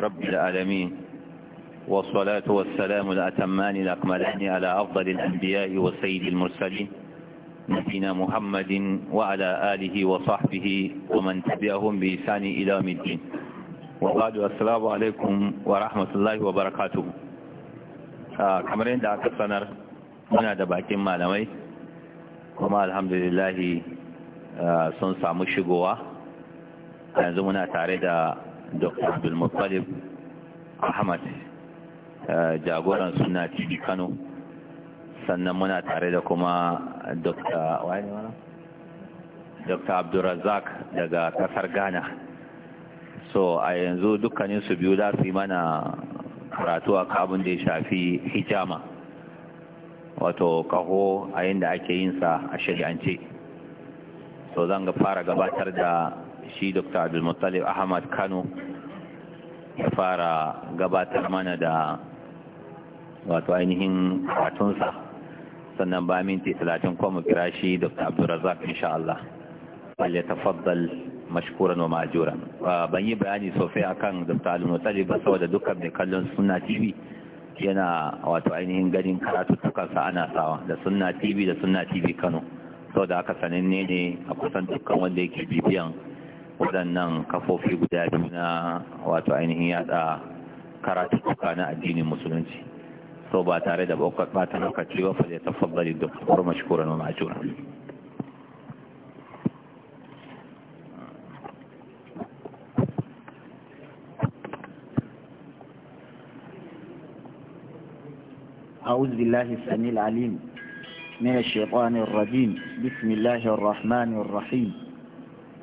رب العالمين والصلاة والسلام الأتمان الأكملان على أفضل الأنبياء وسيد المرسلين نبينا محمد وعلى آله وصحبه ومن تبعهم بإحسان إلى يوم الدين وبعد السلام عليكم ورحمة الله وبركاته kamar yadda aka sanar muna da bakin malamai kuma alhamdulillahi sun samu shigowa yanzu muna tare da dr abdulmuttalib ahmad eh, jagoran suna TV kano sannan muna tare da kuma dr wani abdulrazak daga kasar ghana so a yanzu dukkaninsu biyu za su yi mana karatu a kabin da ya shafi hijama wato kaho a da ake yin yinsa a shari'ance so zan ga fara gabatar da shi dr abdulmuttalib ahmad kano ya fara gabatar mana da wato ainihin sannan ba minti talatin kuma kira shi dr abdulrazak insha Allah wale tafaddal mashkuran wa majuran ban yi bayani sosai akan dr abdulmuttalib ba saboda dukkan mai kallon suna tv yana wato ainihin ganin karatuttukansa ana sawa da sunna tv da sunna tv kano sau da aka sananne ne a kusan dukkan wanda yake bibiyan waɗannan kafofi guda biyu na wato ainihin yada karatuka na addinin musulunci so ba tare da bakwai ɓata lokaci ba fa zai tafabbali da kuma mashkuran wa ma'ajura أعوذ بالله السميع العليم من الشيطان الرجيم بسم الله الرحمن الرحيم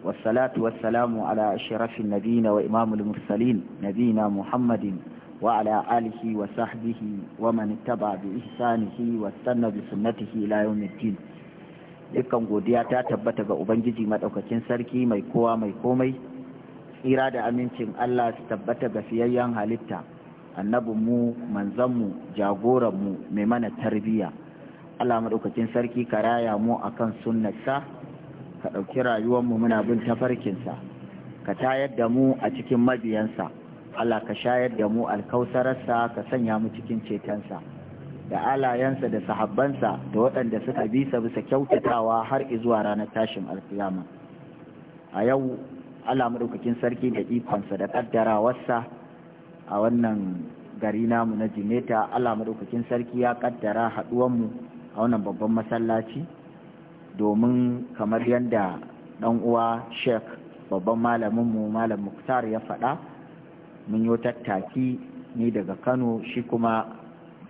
والصلاة والسلام على أشرف النبيين وإمام المرسلين نبينا محمد وعلى آله وصحبه ومن اتبع بإحسانه واستنى بسنته إلى يوم الدين dukkan godiya ta tabbata ga Ubangiji maɗaukakin sarki mai kowa mai komai tsira da amincin Allah su tabbata ga fiyayyen halitta annabinmu manzanmu jagoranmu mai mana tarbiyya Allah maɗaukakin sarki ka raya mu akan sunnarsa ka ɗauki rayuwarmu muna bin tafarkinsa ka tayar da mu a cikin mabiyansa Allah ka shayar da mu alkausararsa ka sanya mu cikin cetonsa da alayensa da sahabbansa da waɗanda suka bisa bisa kyautatawa har izuwa ranar tashin alkiyama a yau Allah maɗaukakin sarki da ikonsa da ƙaddarawarsa a wannan gari namu na jimeta Allah maɗaukakin sarki ya ƙaddara haɗuwanmu a wannan babban masallaci domin kamar yadda ɗan uwa sheik babban malaminmu malam muktar ya faɗa mun yi tattaki ni daga kano shi kuma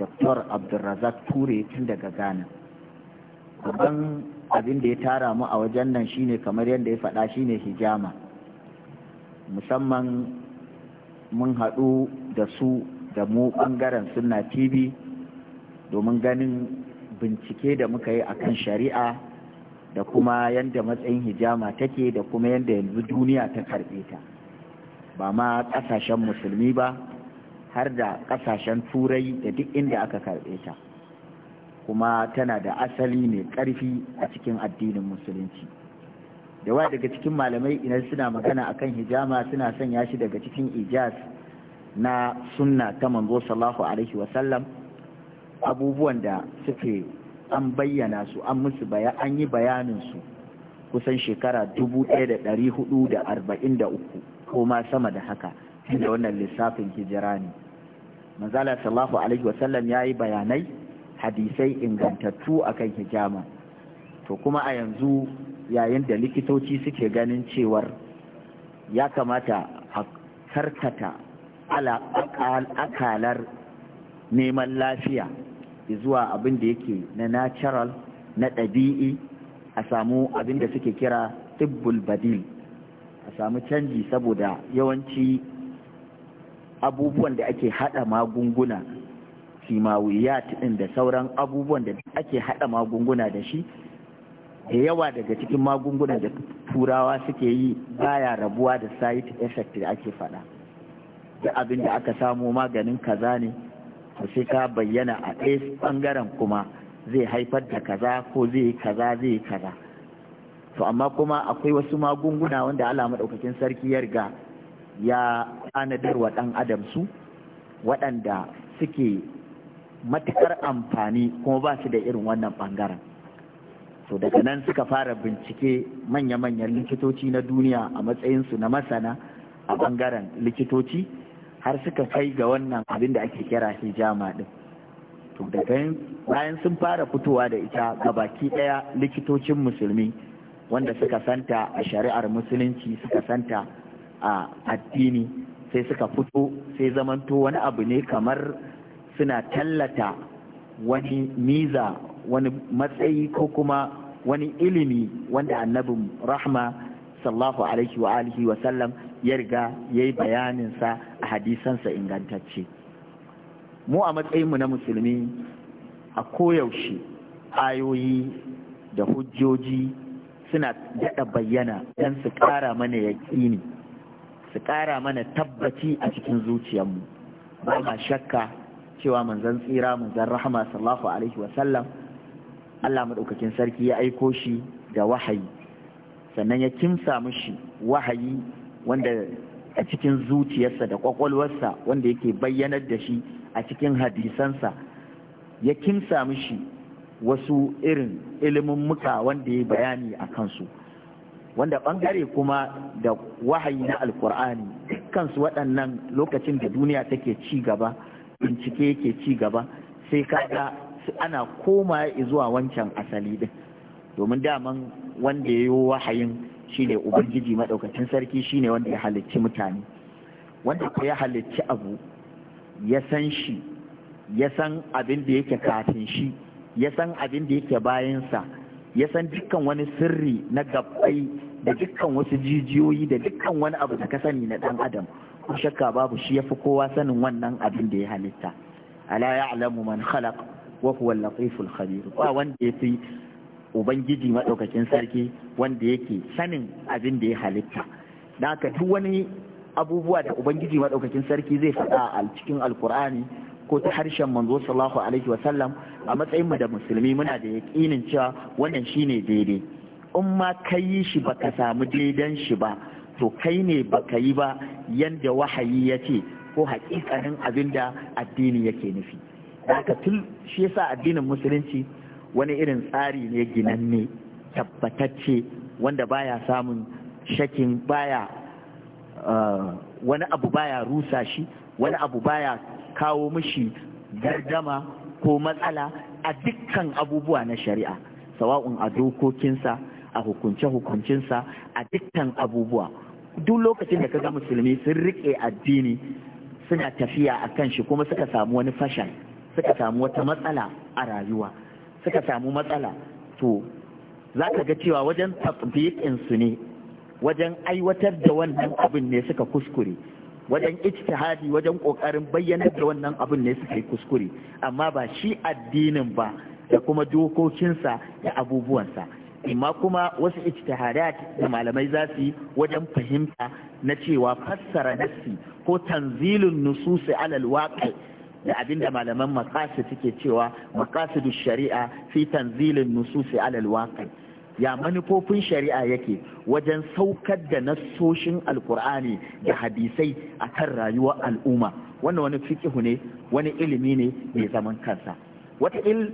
dr abdulrazak ture tun daga ghana babban abin da ya tara mu a wajen nan shine kamar yadda ya faɗa shine hijama musamman mun haɗu da su da mu ɓangaren suna tv domin ganin bincike da muka yi akan shari'a da kuma yadda matsayin hijama take da kuma yadda yanzu duniya ta karɓe ta ba ma ƙasashen musulmi ba har da ƙasashen turai da duk inda aka karɓe ta kuma tana da asali mai ƙarfi a cikin addinin musulunci da wa daga cikin malamai ina suna magana a kan hijama suna sanya shi daga cikin ijaz na sunna ta manzo sallallahu alaihi wasallam abubuwan da suke an bayyana su an musu baya an yi bayanin su kusan shekara dubu ɗaya da ɗari hudu da arba'in da uku ko ma sama da haka da wannan lissafin hijira ne manzala sallahu alaihi wasallam ya yi bayanai hadisai ingantattu akan hijama to kuma a yanzu yayin da likitoci suke ganin cewar ya kamata a karkata akalar neman lafiya zuwa abin da yake na natural na ɗabi'i a samu abin da suke kira tibbul badil a samu canji saboda yawanci abubuwan da ake haɗa magunguna kimawiyat ɗin da sauran abubuwan da ake haɗa magunguna da shi da yawa daga cikin magungunan da turawa suke yi baya rabuwa da site effect da ake faɗa da abin da aka samo maganin kaza ne to sai ka bayyana a ɗaya ɓangaren kuma zai haifar da kaza ko zai yi kaza zai yi kaza to amma kuma akwai wasu magunguna wanda ala maɗaukakin sarki ya riga ya anadar wa ɗan adam su waɗanda suke matuƙar amfani kuma ba su da irin wannan ɓangaren to daga nan suka fara bincike manya-manyan likitoci na duniya a matsayinsu na masana a ɓangaren likitoci har suka kai ga wannan abin da ake kira hijama din to daga bayan sun fara fitowa da ita ga baki daya likitocin musulmi wanda suka santa a shari'ar musulunci suka santa a addini sai suka fito sai zamanto wani abu ne kamar suna tallata wani miza wani matsayi ko kuma wani ilimi wanda annabin rahma sallahu alaihi wa alihi wa sallam ya riga ya yi bayaninsa a hadisansa ingantacce mu a matsayinmu na musulmi a koyaushe ayoyi da hujjoji suna daɗa bayyana don su ƙara mana yaƙini su ƙara mana tabbaci a cikin zuciyarmu ba ma shakka cewa manzan tsira manzan rahama sallahu alaihi wasallam Allah maɗaukakin sarki ya aiko shi da wahayi sannan ya kimsa mushi wahayi wanda a cikin zuciyarsa da kwakwalwarsa wanda yake bayyanar da shi a cikin hadisansa ya kimsa mishi wasu irin muka wanda ya bayani a kansu wanda ɓangare kuma da wahayi na alkur'ani kansu waɗannan lokacin da duniya take ci gaba bincike yake ci gaba sai kaga ana koma zuwa wancan asali din domin daman wanda ya yi wahayin shine ubangiji madaukakin sarki shine wanda ya halicci mutane wanda ko ya halicci abu ya san shi ya san abin da yake kafin shi ya san abin da yake bayansa ya san dukkan wani sirri na gabbai da dukkan wasu jijiyoyi da dukkan wani abu da ka sani na dan adam ko shakka babu shi yafi kowa sanin wannan abin da ya halitta ala ya'lamu man khalaq wa huwa al-latiful khabir ba wanda yafi ubangiji maɗaukakin sarki wanda yake sanin abin da ya halitta da haka duk wani abubuwa da ubangiji maɗaukakin sarki zai faɗa a cikin alkur'ani ko ta harshen manzo sallahu alaihi wa sallam a matsayin mu da musulmi muna da yaƙinin cewa wannan shine daidai in ma ka yi shi baka samu daidan shi ba to kai ne baka yi ba yanda wahayi ya ce ko hakikanin abin da addini yake nufi da haka tun shi yasa addinin musulunci wani irin tsari ne ginanne tabbatacce wanda baya samun shakin baya uh, wani abu baya rusa shi wani abu baya kawo mishi gardama ko matsala a dukkan abubuwa na shari'a sawa'un a dokokinsa a hukunce-hukuncinsa a dukkan abubuwa duk lokacin da kaga musulmi sun riƙe addini suna tafiya a kan shi kuma suka samu wani fashal suka samu wata matsala a rayuwa suka samu matsala to za ka ga cewa wajen su ne wajen aiwatar da wannan abin ne suka kuskure wajen ijtihadi wajen kokarin bayyanar da wannan abin ne suka yi kuskure amma ba shi addinin ba da kuma dokokinsa da abubuwansa imma kuma wasu ijtihadat da malamai za su yi wajen fahimta na cewa fassara nassi ko tanzilun nususi alal waqi da abinda malaman makasid suke cewa makasidu shari'a fi tanzilin nususi alal waqi ya manufofin shari'a yake wajen saukar da nassoshin alkur'ani da hadisai akan rayuwar al'umma wannan wani fikihu ne wani ilimi ne mai zaman kansa wata il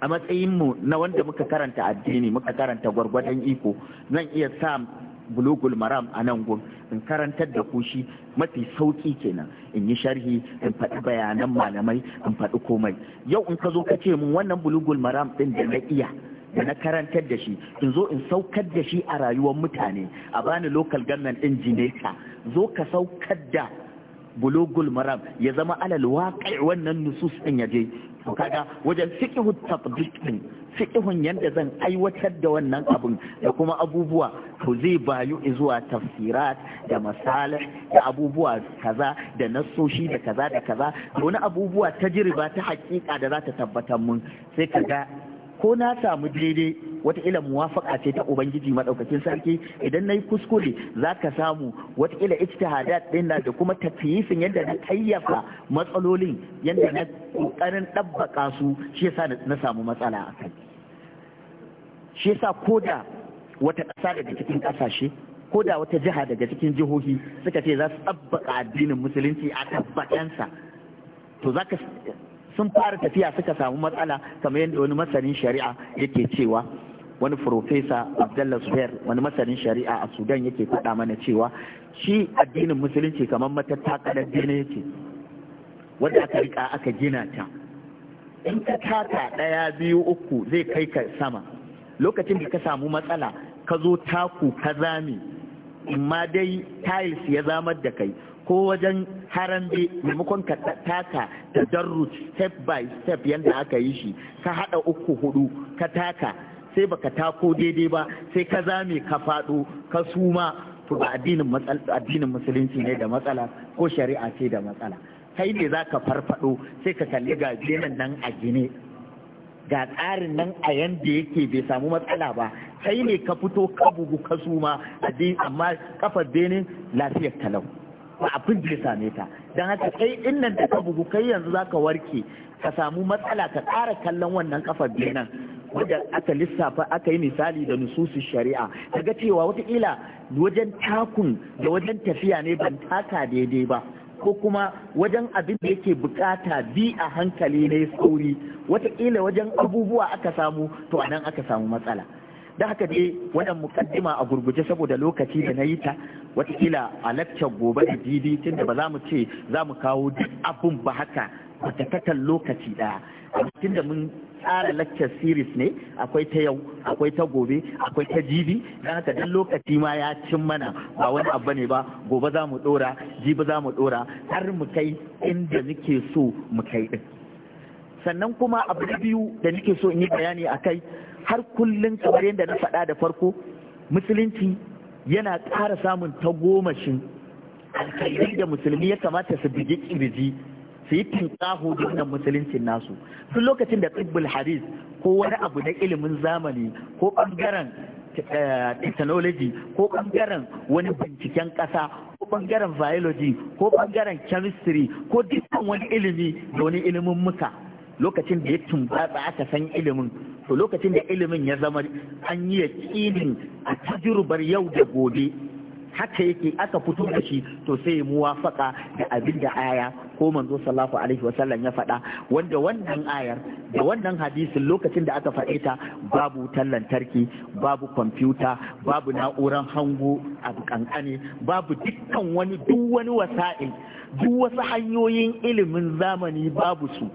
a matsayinmu na wanda muka karanta addini muka karanta gwargwadon iko zan iya sa bulugul maram a nan gun in karantar da ku shi mafi sauki kenan in yi sharhi in faɗi bayanan malamai in faɗi komai yau in ka zo ka ce mun wannan bulugul maram ɗin da na iya da na karantar da shi in zo in saukar da shi a rayuwar mutane a bani local government ɗin jineka zo ka saukar da bulugul maram ya zama alal waƙi wannan nusus ɗin ya je kaga wajen fiqhu tatbiq ɗin fiƙihun yadda zan aiwatar da wannan abin da kuma abubuwa to zai bayu zuwa tafsirat da masalih da abubuwa kaza da nasoshi da kaza da kaza da wani abubuwa ta jiriba ta hakika da za ta tabbatar mun sai ka ga ko na samu daidai wata wataƙila muwafaka ce ta ubangiji madaukakin sarki idan na yi kuskure za ka samu wataƙila ijtihadat na da kuma tafiyifin yadda na kayyafa matsalolin yadda na ƙoƙarin ɗabbaka su shi yasa na samu matsala a kai shi yasa da wata ƙasa daga cikin ƙasashe ko da wata jiha daga cikin jihohi suka ce za su tsabbaka addinin musulunci a tabbatansa to za ka sun fara tafiya suka samu matsala kamar yadda wani masanin shari'a yake cewa wani profesa abdullah zubair wani masanin shari'a a sudan yake faɗa mana cewa shi addinin musulunci kamar matattakalar dina yake wanda aka rika aka gina ta in ka taka ɗaya biyu uku zai kai ka sama lokacin da ka samu matsala ka zo taku ka zame ma dai tiles ya zamar da kai ko wajen harambe maimakon ka taka da darru step by step yadda aka yi shi ka haɗa uku hudu ka taka sai baka tako daidai ba sai ka zame ka faɗo ka suma to ba addinin musulunci ne da matsala ko shari'a ce da matsala kai ne za ka farfado sai ka kalli ga nan a gine ga tsarin nan a yanda yake bai samu matsala ba sai ne ka fito ka bugu ka suma a amma kafar benin lafiyar talau ba abin da ya same ta don haka kai din da ka bugu kai yanzu za ka warke ka samu matsala ka ƙara kallon wannan kafar benin wanda aka lissafa aka yi misali da nususin shari'a ga cewa wataƙila wajen takun da wajen tafiya ne ban taka daidai ba ko kuma wajen abin da yake bukata bi a hankali na ya sauri watakila wajen abubuwa aka samu to anan aka samu matsala da haka dai wannan mukaddima a gurguje saboda lokaci da na yi ta watakila a lakcar gobe da didi tunda ba za mu ce za mu kawo duk abun ba haka kwatakatar lokaci ɗaya tun da mun tsara lecture series ne akwai ta yau akwai ta gobe akwai ta jibi don haka duk lokaci ma ya cin mana ba wani abu ne ba gobe za mu ɗora jibi za mu ɗora har mu kai inda muke so mu kai din. sannan kuma abu na biyu da nake so in yi bayani a kai har kullum kamar yadda na faɗa da farko musulunci yana ƙara samun ta tagomashin alkhairai da musulmi ya kamata su bige ƙirji. su yi tinkaho da wannan musuluncin nasu tun lokacin da tsibbul hadis ko wani abu na ilimin zamani ko ɓangaren eh, technology ko bangaren wani binciken ƙasa ko bangaren biology ko bangaren chemistry ko dukkan wani ilimi da wani ilimin muka lokacin da ya tumbatsa aka san ilimin to lokacin da ilimin ya zama an yi yaƙinin a tajirbar yau da gobe haka yake aka fito da shi to sai mu muwafaka da abin da aya ko manzo sallallahu alaihi wasallam ya faɗa wanda wannan ayar da wannan hadisin lokacin da aka faɗe ta babu wutar lantarki babu kwamfuta babu na'uran hango a kankane babu dukkan wani duk wani wasa'in, duk wasu hanyoyin ilimin zamani babu su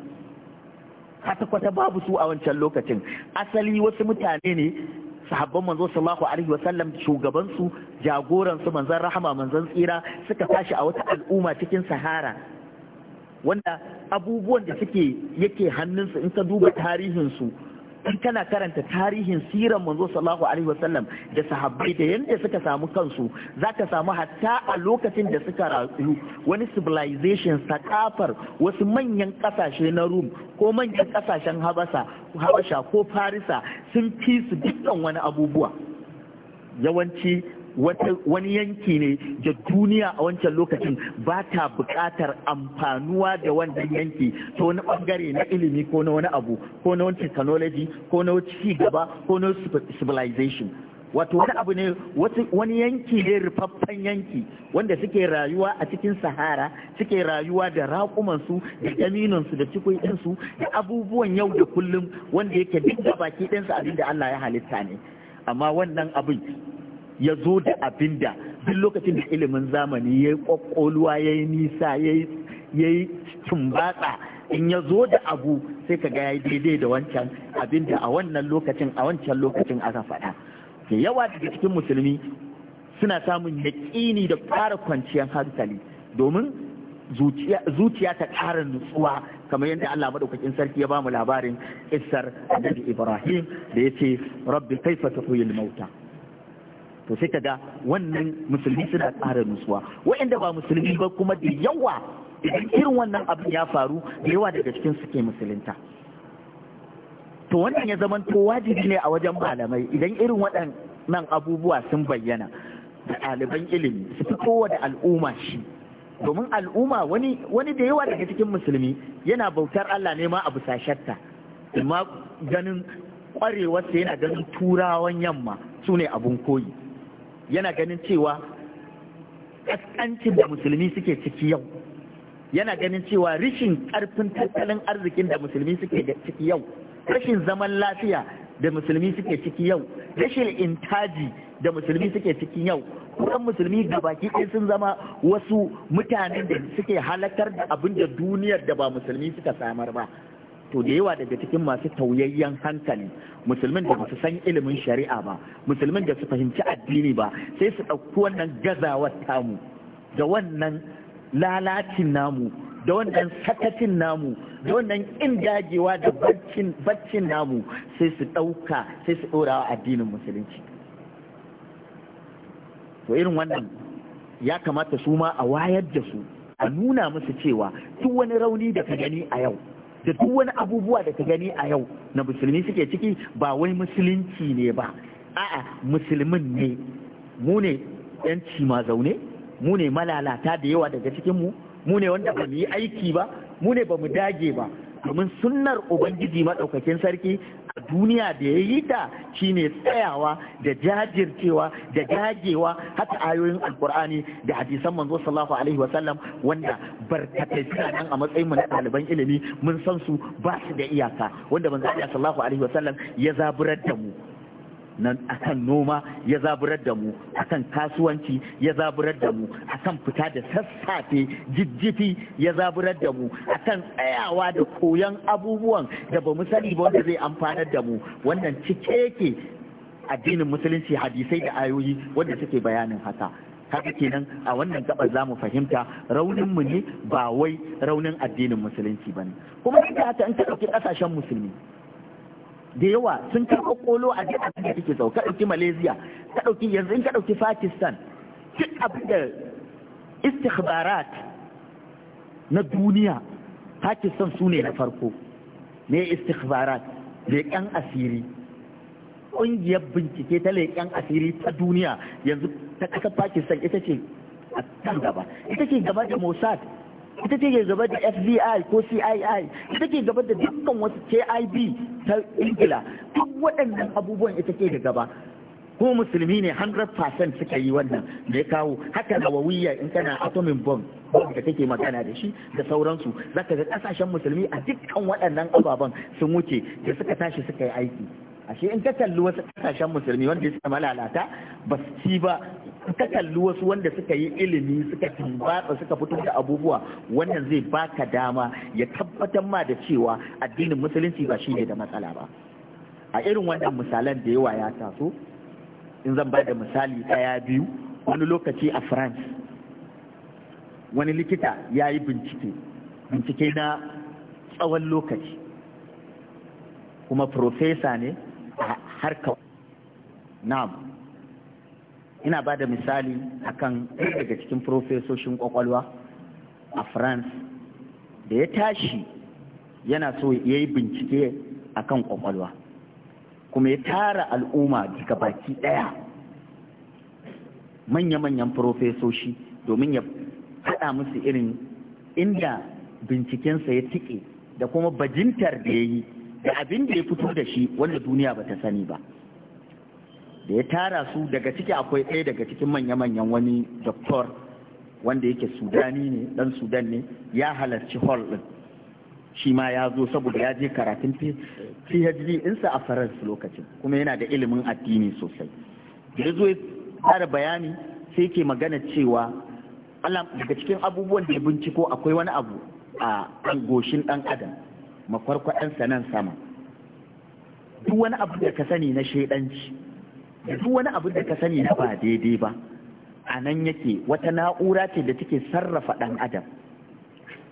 kwata-kwata babu su a wancan lokacin asali wasu mutane ne sahabban manzo sallallahu alaihi wasallam shugaban su jagoran su manzon rahama manzon tsira suka tashi a wata al'umma cikin sahara wanda abubuwan da suke yake hannunsu in ka duba tarihinsu in kana karanta tarihin siran manzo sallallahu alaihi wasallam da sahabbai da yadda suka samu kansu za ka samu hatta a lokacin da suka rasu wani civilization Saƙafar wasu manyan ƙasashe na Rum ko manyan ƙasashen Habasa Habasha ko Farisa sun fi su dukkan wani abubuwa yawanci wani yanki ne da duniya a wancan lokacin ba ta buƙatar amfanuwa da wannan yanki ta wani ɓangare na ilimi ko na wani abu ko na wani technology ko na ci gaba ko na civilization wato wani abu ne wani yanki ne rufaffen yanki wanda suke rayuwa a cikin sahara suke rayuwa da raƙumansu da ƙaminansu da cikuyinsu da abubuwan yau da kullum wanda yake duk da baki ɗinsu abin da Allah ya halitta ne amma wannan abin ya zo da abin da duk lokacin da ilimin zamani ya yi ƙwaƙƙoluwa ya yi nisa ya yi tumbatsa in ya zo da abu sai ka ga ya daidai da wancan abin da a wannan lokacin a wancan lokacin aka faɗa da yawa daga cikin musulmi suna samun yaƙini da ƙara kwanciyar hankali domin zuciya ta ƙara nutsuwa kamar yadda Allah madaukakin sarki ya bamu labarin isar da Ibrahim da ya ce rabbi kaifa tuhuyil mauta to sai ga wannan musulmi suna ƙara nutsuwa waɗanda ba musulmi ba kuma da yawa idan irin wannan abin ya faru da yawa daga cikin suke musulunta to wannan ya zama to wajibi ne a wajen malamai idan irin waɗannan abubuwa sun bayyana da ɗaliban ilimi su fito da al'umma shi domin al'umma wani da yawa daga cikin musulmi yana bautar Allah ne ma a bisa shatta amma ganin kwarewarsa yana ganin turawan yamma su ne abun koyi yana ganin cewa ƙasƙancin da musulmi suke ciki yau yana ganin cewa rishin ƙarfin tattalin arzikin da musulmi suke ciki yau rashin zaman lafiya da musulmi suke ciki yau rashin intaji da musulmi suke ciki yau kusan musulmi ga baki ɗin sun zama wasu mutanen da suke halakar da abin da duniyar da ba musulmi suka samar ba to da yawa daga cikin masu tauyayyen hankali musulmin da su san ilimin shari'a ba musulmin da su fahimci addini ba sai su ɗauki wannan gazawar tamu da wannan lalacin namu da wannan sakacin namu da wannan in dagewa da baccin namu sai su ɗauka sai su ɗora wa addinin musulunci to irin wannan ya kamata su ma a wayar da su a nuna musu cewa duk wani rauni da ka gani a yau da duk wani abubuwa da ka gani a yau na musulmi suke ciki ba wai musulunci ne ba a'a musulmin ne mu ne yanci ma zaune mu ne malalata da yawa daga cikin mu mu ne wanda ba mu yi aiki ba mu ne ba mu dage ba domin sunnar ubangiji maɗaukakin sarki duniya da ya yi ta shine tsayawa da jajircewa da dagewa haka ayoyin alkur'ani da hadisan manzo sallallahu alaihi wasallam wanda barkatai suna nan a matsayin mu na ɗaliban ilimi mun san su ba su da iyaka wanda manzo sallallahu alaihi wasallam ya zaburar da mu nan akan noma ya zaburar da mu akan kasuwanci ya zaburar da mu akan fita da sassafe jijjifi ya zaburar da mu akan tsayawa da koyon abubuwan da ba mu sani ba wanda zai amfanar da mu wannan cike yake addinin musulunci hadisai da ayoyi wanda suke bayanin haka haka kenan a wannan gabar za mu fahimta raunin mu ne ba wai raunin addinin musulunci ba ne kuma duk da haka in ka ɗauki ƙasashen musulmi da yawa sun karɓa kolo a duk abin da take sau ka ɗauki malaysia ka ɗauki yanzu in ka ɗauki pakistan duk abin da istikhbarat na duniya pakistan su ne na farko ne istikhbarat leƙen asiri ƙungiyar bincike ta leƙen asiri ta duniya yanzu ta ƙasar pakistan ita ce a kan gaba ita ce gaba da mossad ita ce ke gaba da fbi ko cii ita ke gaba da dukkan wasu kib ta ingila duk waɗannan abubuwan ita ke da gaba ko musulmi ne 100% suka yi wannan da ya kawo haka da wawiya in kana atomin bomb da take magana da shi da sauransu za ka ga kasashen musulmi a dukkan waɗannan ababen sun wuce da suka tashi suka yi aiki ashe in ka kalli wasu kasashen musulmi wanda suka malalata ba su ci ba ka kalli wasu wanda suka yi ilimi suka tumbatsa suka fito da abubuwa wannan zai baka dama ya tabbatar ma da cewa addinin musulunci ba shi ne da matsala ba a irin wannan misalan da yawa ya taso in zan ba da misali ɗaya biyu wani lokaci a france wani likita ya yi bincike bincike na tsawon lokaci kuma profesa ne a harkar na'am ina ba da misali akan ɗaya daga cikin profesoshin ƙwaƙwalwa a france da ya tashi yana so ya yi bincike akan kwakwalwa kuma ya tara al'umma daga baki ɗaya manya-manyan profesoshi domin ya haɗa musu irin inda bincikensa ya tike da kuma bajintar da ya yi da abin da ya fito da shi wanda duniya ba ta sani ba da ya tara su daga ciki akwai ɗaya daga cikin manya-manyan wani doktor wanda yake sudani ne dan sudan ne ya halarci hall din shi ma ya zo saboda ya je karatun phd insa a faransa lokacin kuma yana da ilimin addini sosai da ya zo ya tara bayani sai ke magana cewa daga cikin abubuwan da ya binciko akwai wani abu a kan goshin dan adam makwarkwaɗansa nan sama duk wani abu da ka sani na shaidanci da duk wani abu da ka sani na ba daidai ba a nan yake wata na'ura ce da take sarrafa ɗan adam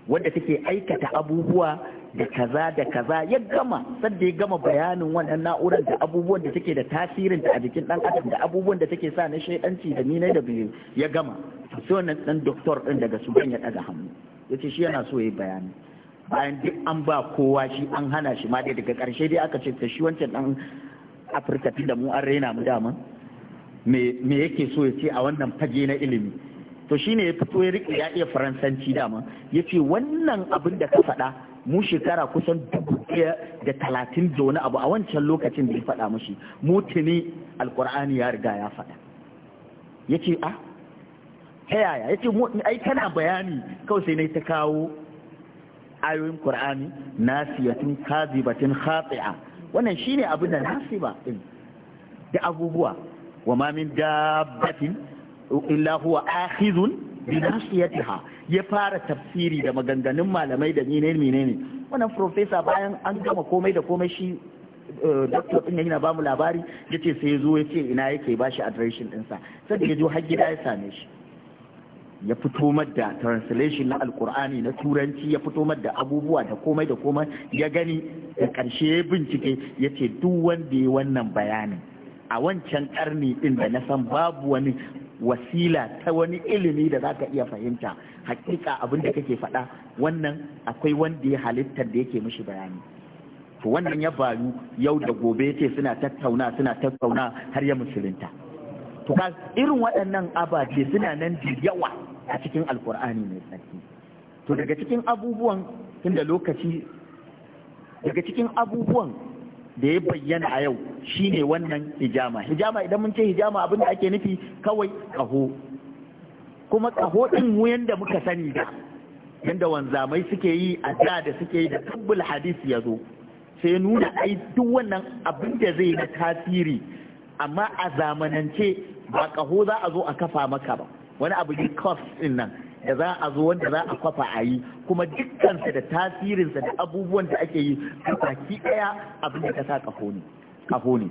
wadda take aikata abubuwa da kaza da kaza ya gama sadda ya gama bayanin wannan na'urar da abubuwan da take da tasirin da a jikin ɗan adam da abubuwan da take sa na shaidanci da nina da biyu ya gama sai wannan ɗan doktor ɗin daga su ya ɗaga hannu Ya ce shi yana so ya yi bayani bayan duk an ba kowa shi an hana shi ma dai daga ƙarshe dai aka ce ta shi wancan ɗan afirka tunda mu an raina mu dama me yake so ya ce a wannan fage na ilimi to shine ya fito ya rike ya iya faransanci dama ya ce wannan abin da ka faɗa mu shekara kusan dubu ɗaya da talatin da wani abu a wancan lokacin da ya faɗa mushi mu tuni alƙur'ani ya riga ya faɗa ya ce a ah, ta yaya ya ce ai tana bayani kawai sai na ta kawo ayoyin ƙur'ani nasiyatun kazibatin khati'a wannan shi ne abin da na nasiba ɗin da abubuwa wa ma min dabbatin illa huwa akhizun bi nasiyatiha ya fara tafsiri da maganganun malamai da menene menene wannan profesa bayan an gama komai da komai shi eh, doctor din yana ba mu labari yace sai ya zo yace ina yake shi adireshin ɗinsa sai ya zo har gida ya same shi ya fito da translation na alkur'ani na turanci ya fito da abubuwa da komai da komai ya gani da karshe ya bincike ya ce duk wanda ya wannan bayani. a wancan karni din da na san babu wani wasila ta wani ilimi da za ka iya fahimta hakika abin da kake faɗa wannan akwai wanda ya halittar da yake mishi bayani to wannan ya bayu yau da gobe ce suna tattauna suna tattauna har ya musulunta to irin waɗannan abace suna nan da yawa a cikin alkur'ani mai tsarki to daga cikin abubuwan da lokaci daga cikin abubuwan da ya bayyana a yau shine wannan hijama hijama idan mun ce hijama abinda ake nufi kawai kaho kuma kaho din wuyan da muka sani da yanda wanzamai suke yi a da da suke yi da tabbul hadis ya zo sai nuna ai duk wannan abin da zai na tasiri amma a zamanance ba kaho za a zo a kafa maka ba wani abu ne cost din nan da za a zo wanda za a kwafa a yi kuma dukkansa da tasirinsa da abubuwan da ake yi baki ɗaya abin da ka sa ƙaho ne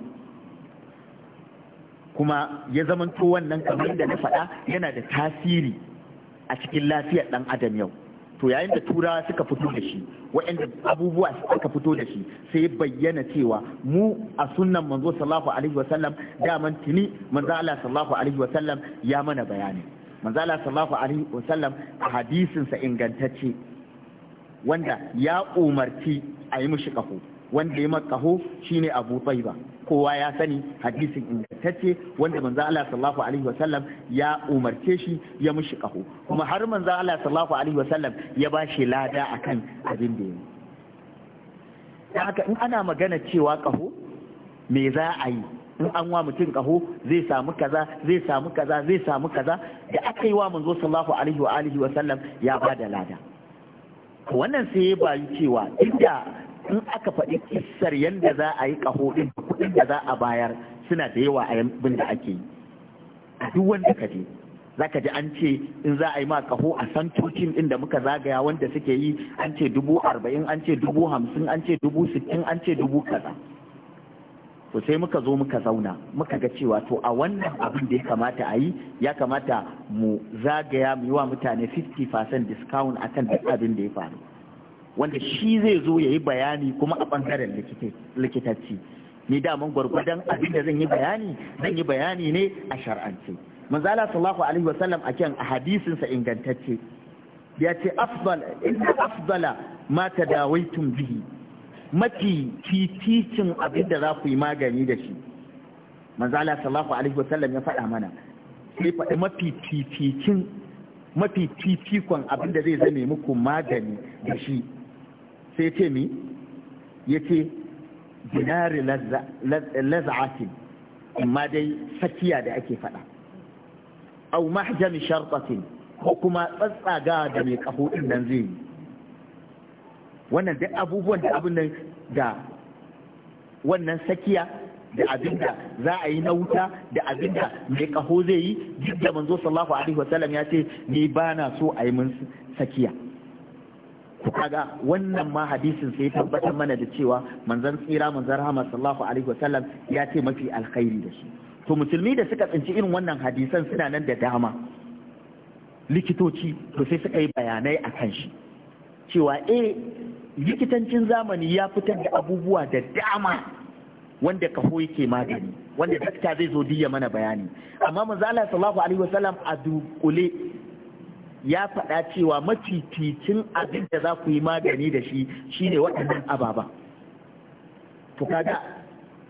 kuma ya zamanto wannan kamar da na faɗa yana da tasiri a cikin lafiyar ɗan adam yau to yayin da turawa suka fito da shi waɗanda abubuwa suka fito da shi sai bayyana cewa mu a sunan manzo sallallahu alaihi wasallam daman tuni manzo Allah sallallahu alaihi wasallam ya mana bayani manzala sallallahu alaihi wasallam hadisinsa ingantacce wanda ya umarci a yi mishi ƙaho wanda ya makaho shine Abu Taiba kowa ya sani hadisin ingantacce wanda manzo Allah sallallahu alaihi wasallam ya umarce shi ya mishi ƙaho kuma har manzo Allah sallallahu alaihi wasallam ya ba shi lada akan abin da ya yi haka in ana magana cewa ƙaho me za a yi in an wa mutum kaho zai samu kaza zai samu kaza zai samu kaza da aka yi wa manzo sallallahu alaihi wa alihi wa sallam ya ba da lada wannan sai ya bayu cewa inda in aka faɗi kissar yadda za a yi kaho din kuɗin da za a bayar suna da yawa a yambin da ake yi a duk wanda ka je zaka ji an ce in za a yi ma kaho a santocin din da muka zagaya wanda suke yi an ce dubu arba'in an ce dubu hamsin an ce dubu sittin an ce dubu kaza to sai muka zo muka zauna muka ga cewa to a wannan abin da ya kamata a yi ya kamata mu zagaya mu yi wa mutane 50% discount akan duk abin da ya faru wanda shi zai zo ya yi bayani kuma a bangaren likitacci ni daman gwargwadon abin da zan yi bayani zan yi bayani ne a shar'ance manzala sallallahu alaihi Sallam a kan sa ingantacce ya ce afdal inna afdala ma tadawaitum bihi mafi titicin abin da za ku yi magani da shi manzala sallallahu alaihi wasallam ya faɗa mana sai faɗi mafi titicin mafi titikon abin da zai zame muku magani da shi sai ce mi ya ce dinari laz'atin amma dai sakiya da ake faɗa au mahjami shartatin ko kuma tsattsaga da mai ƙaho ɗin nan zai yi wannan duk abubuwan da abin nan da wannan sakiya da abin da za a yi na wuta da abin da mai kaho zai yi duk da manzo sallallahu alaihi wasallam ya ce ni ba na so a yi min sakiya ku kaga wannan ma hadisin sai tabbatar mana da cewa manzon tsira manzon rahama sallallahu alaihi wasallam ya ce mafi alkhairi da shi to musulmi da suka tsinci irin wannan hadisan suna nan da dama likitoci to sai suka yi bayanai a kan shi cewa eh likitancin zamani ya fitar da abubuwa da dama wanda kaho yake magani wanda dakta zai zo diya mana bayani amma manzo Allah sallallahu alaihi wasallam a dukule ya faɗa cewa maciticin abin da za ku yi magani da shi shine waɗannan ababa to kaga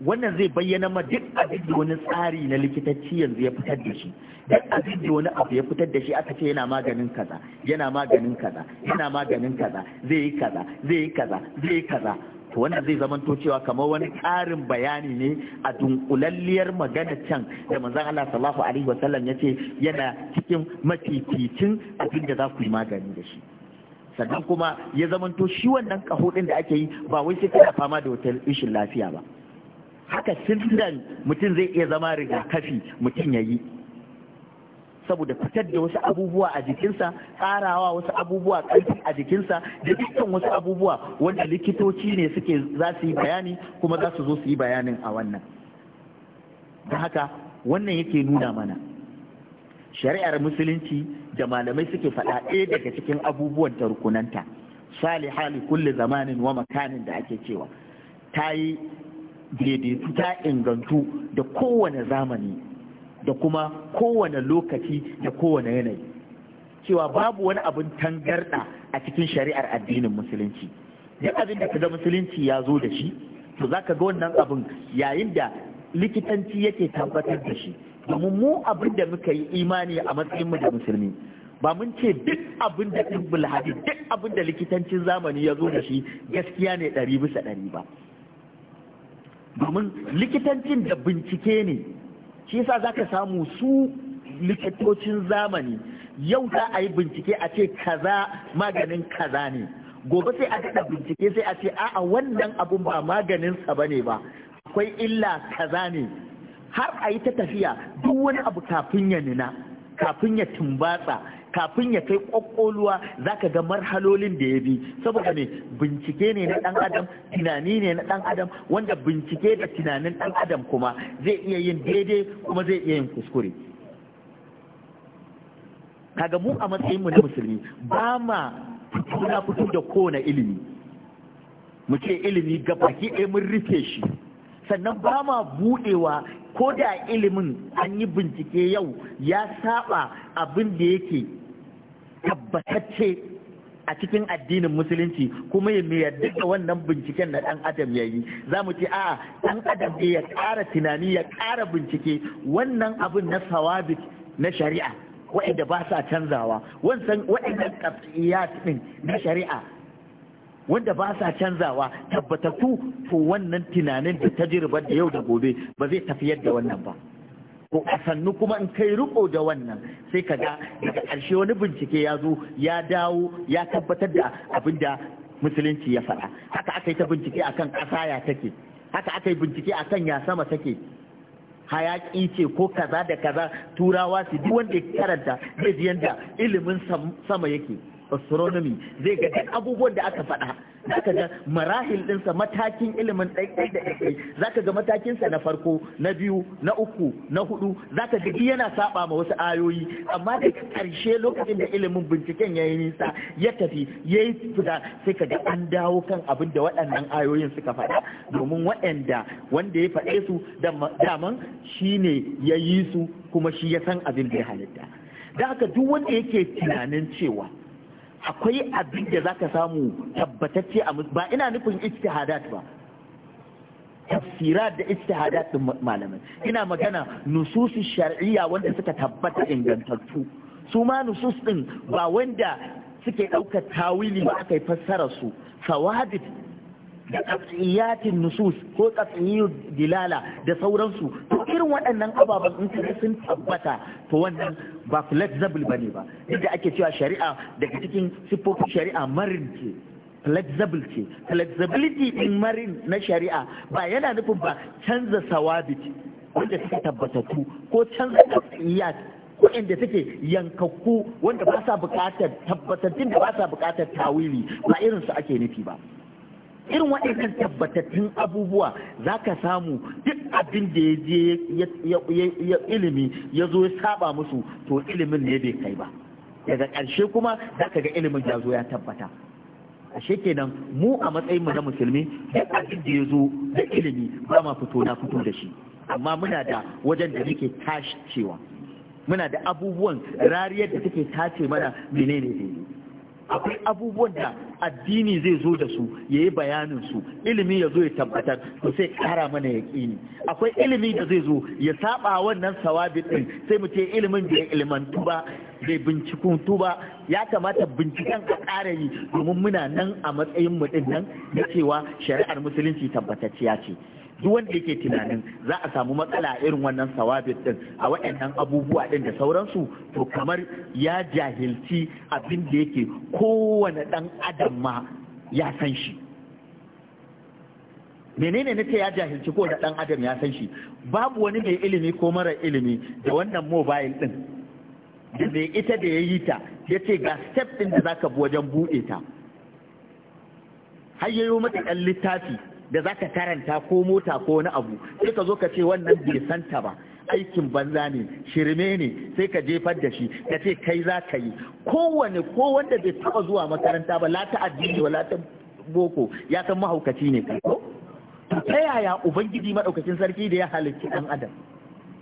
wannan zai bayyana ma duk abin da wani tsari na likitacci yanzu ya fitar da shi duk abin da wani abu ya fitar da shi aka ce yana maganin kaza yana maganin kaza yana maganin kaza zai yi kaza zai yi kaza zai yi kaza to wannan zai zamanto cewa kamar wani ƙarin bayani ne a dunkulalliyar magana can da manzon Allah sallallahu alaihi wasallam ya ce yana cikin mafificin abin da za ku yi magani da shi sannan kuma ya zamanto shi wannan kaho din da ake yi ba wai sai kana fama da wata rashin lafiya ba haka sirran mutum zai iya zama rigakafi mutum ya yi saboda fitar da wasu abubuwa a jikinsa ƙarawa wasu abubuwa ƙarfi a jikinsa da dukkan wasu abubuwa wanda likitoci ne suke za su yi bayani kuma za su zo su yi bayanin a wannan ta haka wannan yake nuna mana shari'ar musulunci da malamai suke faɗa ɗaya daga cikin abubuwan ta rukunanta salihali kulle zamanin wa makanin da ake cewa ta yi daidaitu ta ingantu da kowane zamani da kuma kowane lokaci da kowane yanayi cewa babu wani abin tangarɗa a cikin shari'ar addinin musulunci duk abin da kaga musulunci ya zo da shi to za ka ga wannan abin yayin da likitanci yake tabbatar da shi domin mu abin da muka yi imani a matsayinmu da musulmi ba mun ce duk abin da ɗin duk abin da likitancin zamani ya zo da shi gaskiya ne ɗari bisa ɗari ba domin likitancin da bincike ne shi yasa za ka samu su likitocin zamani yau za a yi bincike a ce kaza maganin kaza ne gobe sai a daɗa bincike sai a ce a'a wannan abun ba maganinsa ba ne ba akwai illa kaza ne har a yi ta tafiya duk wani abu kafin ya nuna kafin ya tumbatsa kafin ya kai kwakwalwa za ka ga marhalolin da ya bi saboda ne bincike ne na ɗan adam tunani ne na ɗan adam wanda bincike da tunanin ɗan adam kuma zai iya yin daidai kuma zai iya yin kuskure kaga mu a matsayin mu na musulmi ba ma fituna da kowane ilimi mu ce ilimi ga baki ɗaya mun rufe shi sannan ba ma buɗewa ko da ilimin an yi bincike yau ya saba abin da yake tabbatacce a cikin addinin musulunci kuma ya yarda da wannan binciken na dan adam ya yi za mu ce a'a dan adam ne ya ƙara tunani ya ƙara bincike wannan abin na sawabit na shari'a wa'inda ba sa canzawa wancan wa'inda kafiyat na shari'a wanda ba sa canzawa tabbatattu to wannan tunanin da tajribar da yau da gobe ba zai tafi yadda wannan ba ko a sannu kuma in kai riko da wannan sai ka ga daga ƙarshe wani bincike ya zo ya dawo ya tabbatar da abin da musulunci ya faɗa haka aka yi ta bincike akan ƙasa ya take haka aka yi bincike akan ya sama take hayaƙi ce ko kaza da kaza turawa su duk wanda ya karanta zai ji yanda ilimin sama yake astronomy zai ga duk abubuwan da aka faɗa zaka ga marahil ɗinsa matakin ilimin ɗaiɗai da ɗaiɗai zaka ga matakinsa na farko na biyu na uku na hudu zaka ga duk yana saba ma wasu ayoyi amma da ƙarshe lokacin da ilimin binciken ya yi nisa ya tafi ya yi fita sai ka ga an dawo kan abin da waɗannan ayoyin suka faɗa domin waɗanda wanda ya faɗe su daman shi ne ya yi su kuma shi ya san abin da ya halitta da haka duk wanda yake tunanin cewa akwai abin da zaka samu tabbatacce a ba ina nufin ijtihadat ba tafsirat da ijtihadat din malamai ina magana nususi shar'iyya wanda suka tabbata ingantattu su ma nusus din ba wanda suke ɗaukar tawili ba aka yi fassara su sawadit da tsatsiyatin nusus ko tsatsiyu dilala da sauransu to irin waɗannan ababen in ka sun tabbata to wannan ba flexible bane ba Inda ake cewa shari'a daga cikin siffofin shari'a marin ce flexible ce flexibility din marin na shari'a ba yana nufin ba canza sawabit wanda suka tabbatattu ko canza tsatsiyat waɗanda suke yankakku wanda ba sa buƙatar tabbatattun da ba sa buƙatar tawili ba irinsu ake nufi ba irin waɗannan tabbatattun abubuwa za ka samu duk abin da ya je ya ilimi ya zo ya saba musu to ilimin ne bai kai ba daga ƙarshe kuma za ka ga ilimin ya zo ya tabbata ashe kenan mu a matsayin mu na musulmi duk abin da ya zo da ilimi ba ma fito na fito da shi amma muna da wajen da muke tashi cewa muna da abubuwan rariyar da take tace mana menene daidai akwai abubuwan da addini zai zo da su ya yi bayanin su ilimi ya zo ya tabbatar to sai kara mana ya ƙini akwai ilimi da zai zo ya saba wannan sawabi ɗin sai mu ce ilimin bai ilimantu ba bai bincikuntu ba ya kamata binciken ka ƙara yi domin muna nan a matsayin mu ɗin nan na cewa shari'ar musulunci tabbatacciya ce duk wanda yake tunanin za a samu matsala irin wannan sawabin din a waɗannan abubuwa ɗin da sauransu to kamar ya jahilci abin da yake kowane ɗan adam ma ya san shi menene nace ya jahilci kowane ɗan adam ya san shi babu wani mai ilimi ko mara ilimi da wannan mobile ɗin da mai ita da ya yi ta ya ce ga step ɗin da zaka bi wajen buɗe ta har yayo mata ɗan littafi da zaka karanta ko mota ko wani abu sai ka zo ka ce wannan bai santa ba aikin banza ne shirme ne sai ka jefar da shi ka ce kai za ka yi kowane ko wanda bai taba zuwa makaranta ba lata addini ba lata boko ya san mahaukaci ne ko ta yaya ubangiji madaukakin sarki da ya halicci ɗan adam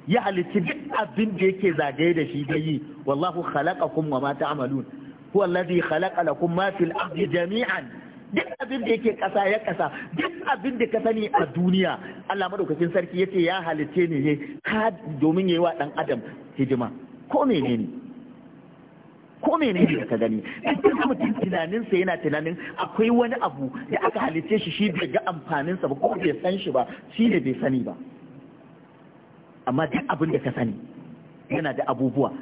ya halicci duk abin da yake zagaye da shi da yi wallahu khalaqakum wa ma ta'malun huwa alladhi khalaqa lakum ma fil ardi jami'an duk abin da yake kasa ya kasa duk abin da ka sani a duniya Allah madaukakin sarki yace ya halice ne ne ka domin yayi wa dan adam hidima ko menene ko menene ka gani duk mutum tunanin sa yana tunanin akwai wani abu da aka halice shi shi bai ga amfanin sa ba ko bai san shi ba shi ne bai sani ba amma duk abin da ka sani yana da abubuwa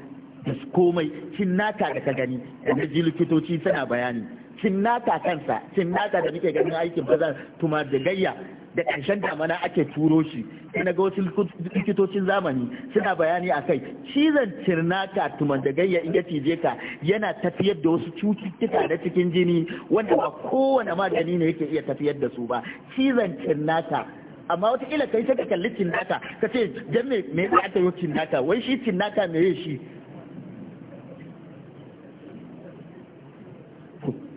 da komai kin naka da ka gani da ji likitoci suna bayani cinnaka kansa cinnaka da muke ganin aikin bazan tuma da gayya da ƙarshen damana ake turo shi na ga wasu likitocin zamani suna bayani a kai cizon cirnaka tuman da gayya in ya cije ka yana tafiyar da wasu cututtuka na cikin jini wanda ba kowane magani ne yake iya tafiyar da su ba cizon cirnaka amma wata ila kai sai ka kalli cinnaka ka ce jan me ya ta yi cinnaka wai shi cinnaka me shi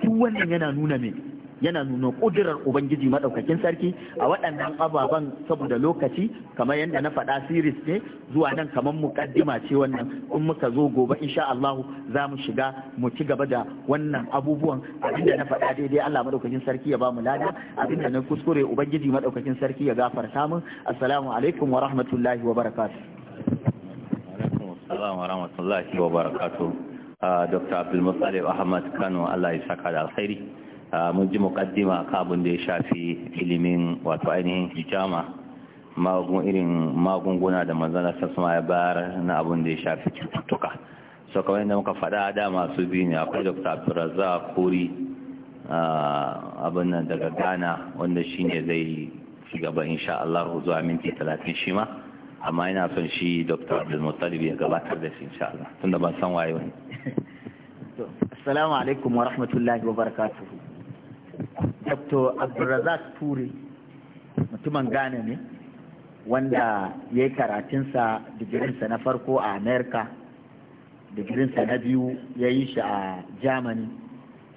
duk wannan yana nuna me yana nuna ƙudurar ubangiji maɗaukakin sarki a waɗannan ababen saboda lokaci kamar yadda na faɗa siris ne zuwa nan kamar muƙaddima ce wannan in muka zo gobe insha Allah za mu shiga mu ci gaba da wannan abubuwan abinda na faɗa daidai Allah maɗaukakin sarki ya ba mu lada abinda na kuskure ubangiji maɗaukakin sarki ya gafarta min assalamu alaikum wa rahmatullahi wa barakatuh. wa rahmatullahi wa barakatuh. Ah, dr abdulmusalif ahmad kano allah ya saka da alkhairi ah, mun ji mukaddima abin da ya shafi ilimin wato ainihin hijama irin magunguna da manzana sassuma ya bayar na abin da ya shafi cututtuka so kamar yadda muka faɗa da masu biyu ne akwai dr abdulrazza kori ah, abin nan daga ghana wanda shi zai ci gaba insha Allah zuwa minti talatin shima amma ina son shi dr abdulmutalib ya gabatar da shi insha Allah tunda ban san waye wani assalamu alaikum wa rahmatullahi wa barakatuhu dr abdulrazak turi mutumin ghana ne wanda ya yi karatunsa digirinsa na farko a Amerika, digirinsa na biyu ya yi shi a germany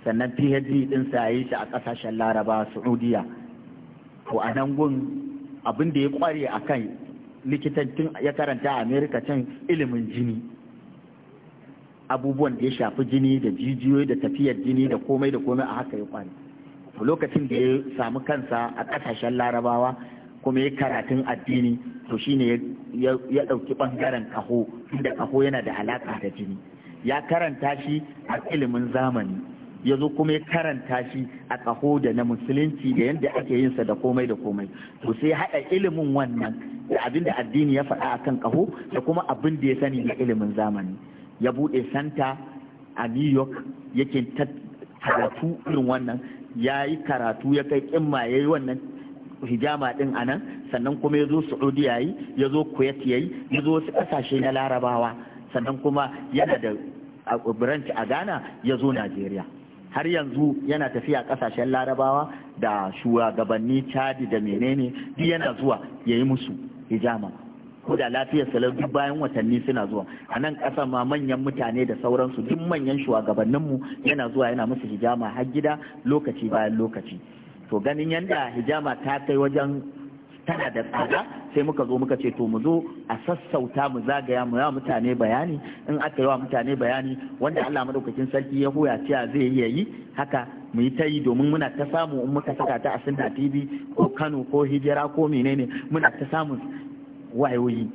sannan phd ɗinsa ya yi shi a kasashen laraba saudiya Ko a nan gun abin da ya kware a kan likitan ya karanta a Amerika can ilimin jini abubuwan da ya shafi jini da jijiyoyi da tafiyar jini da komai da komai a haka ya kwari A lokacin da ya samu kansa a ƙasashen larabawa kuma ya karatun addini to shine ya ɗauki ɓangaren kaho inda kaho yana da alaƙa da jini ya karanta shi a ilimin zamani ya zo kuma ya karanta shi a kaho da na musulunci da yadda ake yinsa da komai da komai to sai haɗa ilimin wannan da abin da addini ya faɗa a kan kaho da kuma abin da ya sani na ilimin zamani ya buɗe santa a new york yake karatu irin wannan ya yi karatu ya kai kimma ya yi wannan hijama din a nan sannan kuma ya zo saudi ya yi ya zo kuwait ya yi ya zo wasu ƙasashe na larabawa sannan kuma yana da branch a ghana ya zo nigeria har yanzu yana tafiya ƙasashen larabawa da shugabanni chadi da menene duk yana zuwa ya yi musu hijama ko da lafiyar salar duk bayan watanni suna zuwa a nan ƙasa ma manyan mutane da sauransu duk manyan shugabanninmu yana zuwa yana musu hijama har gida lokaci bayan lokaci to ganin yadda hijama ta kai wajen tana da tsada sai muka zo muka ce to mu zo a sassauta mu zagaya mu yawa mutane bayani in aka yawa mutane bayani wanda Allah madaukakin sarki ya hoya cewa zai iya yi haka mu yi ta yi domin muna ta samu in muka saka ta a sinda TV ko Kano ko Hijira ko menene muna ta samu. wayoyi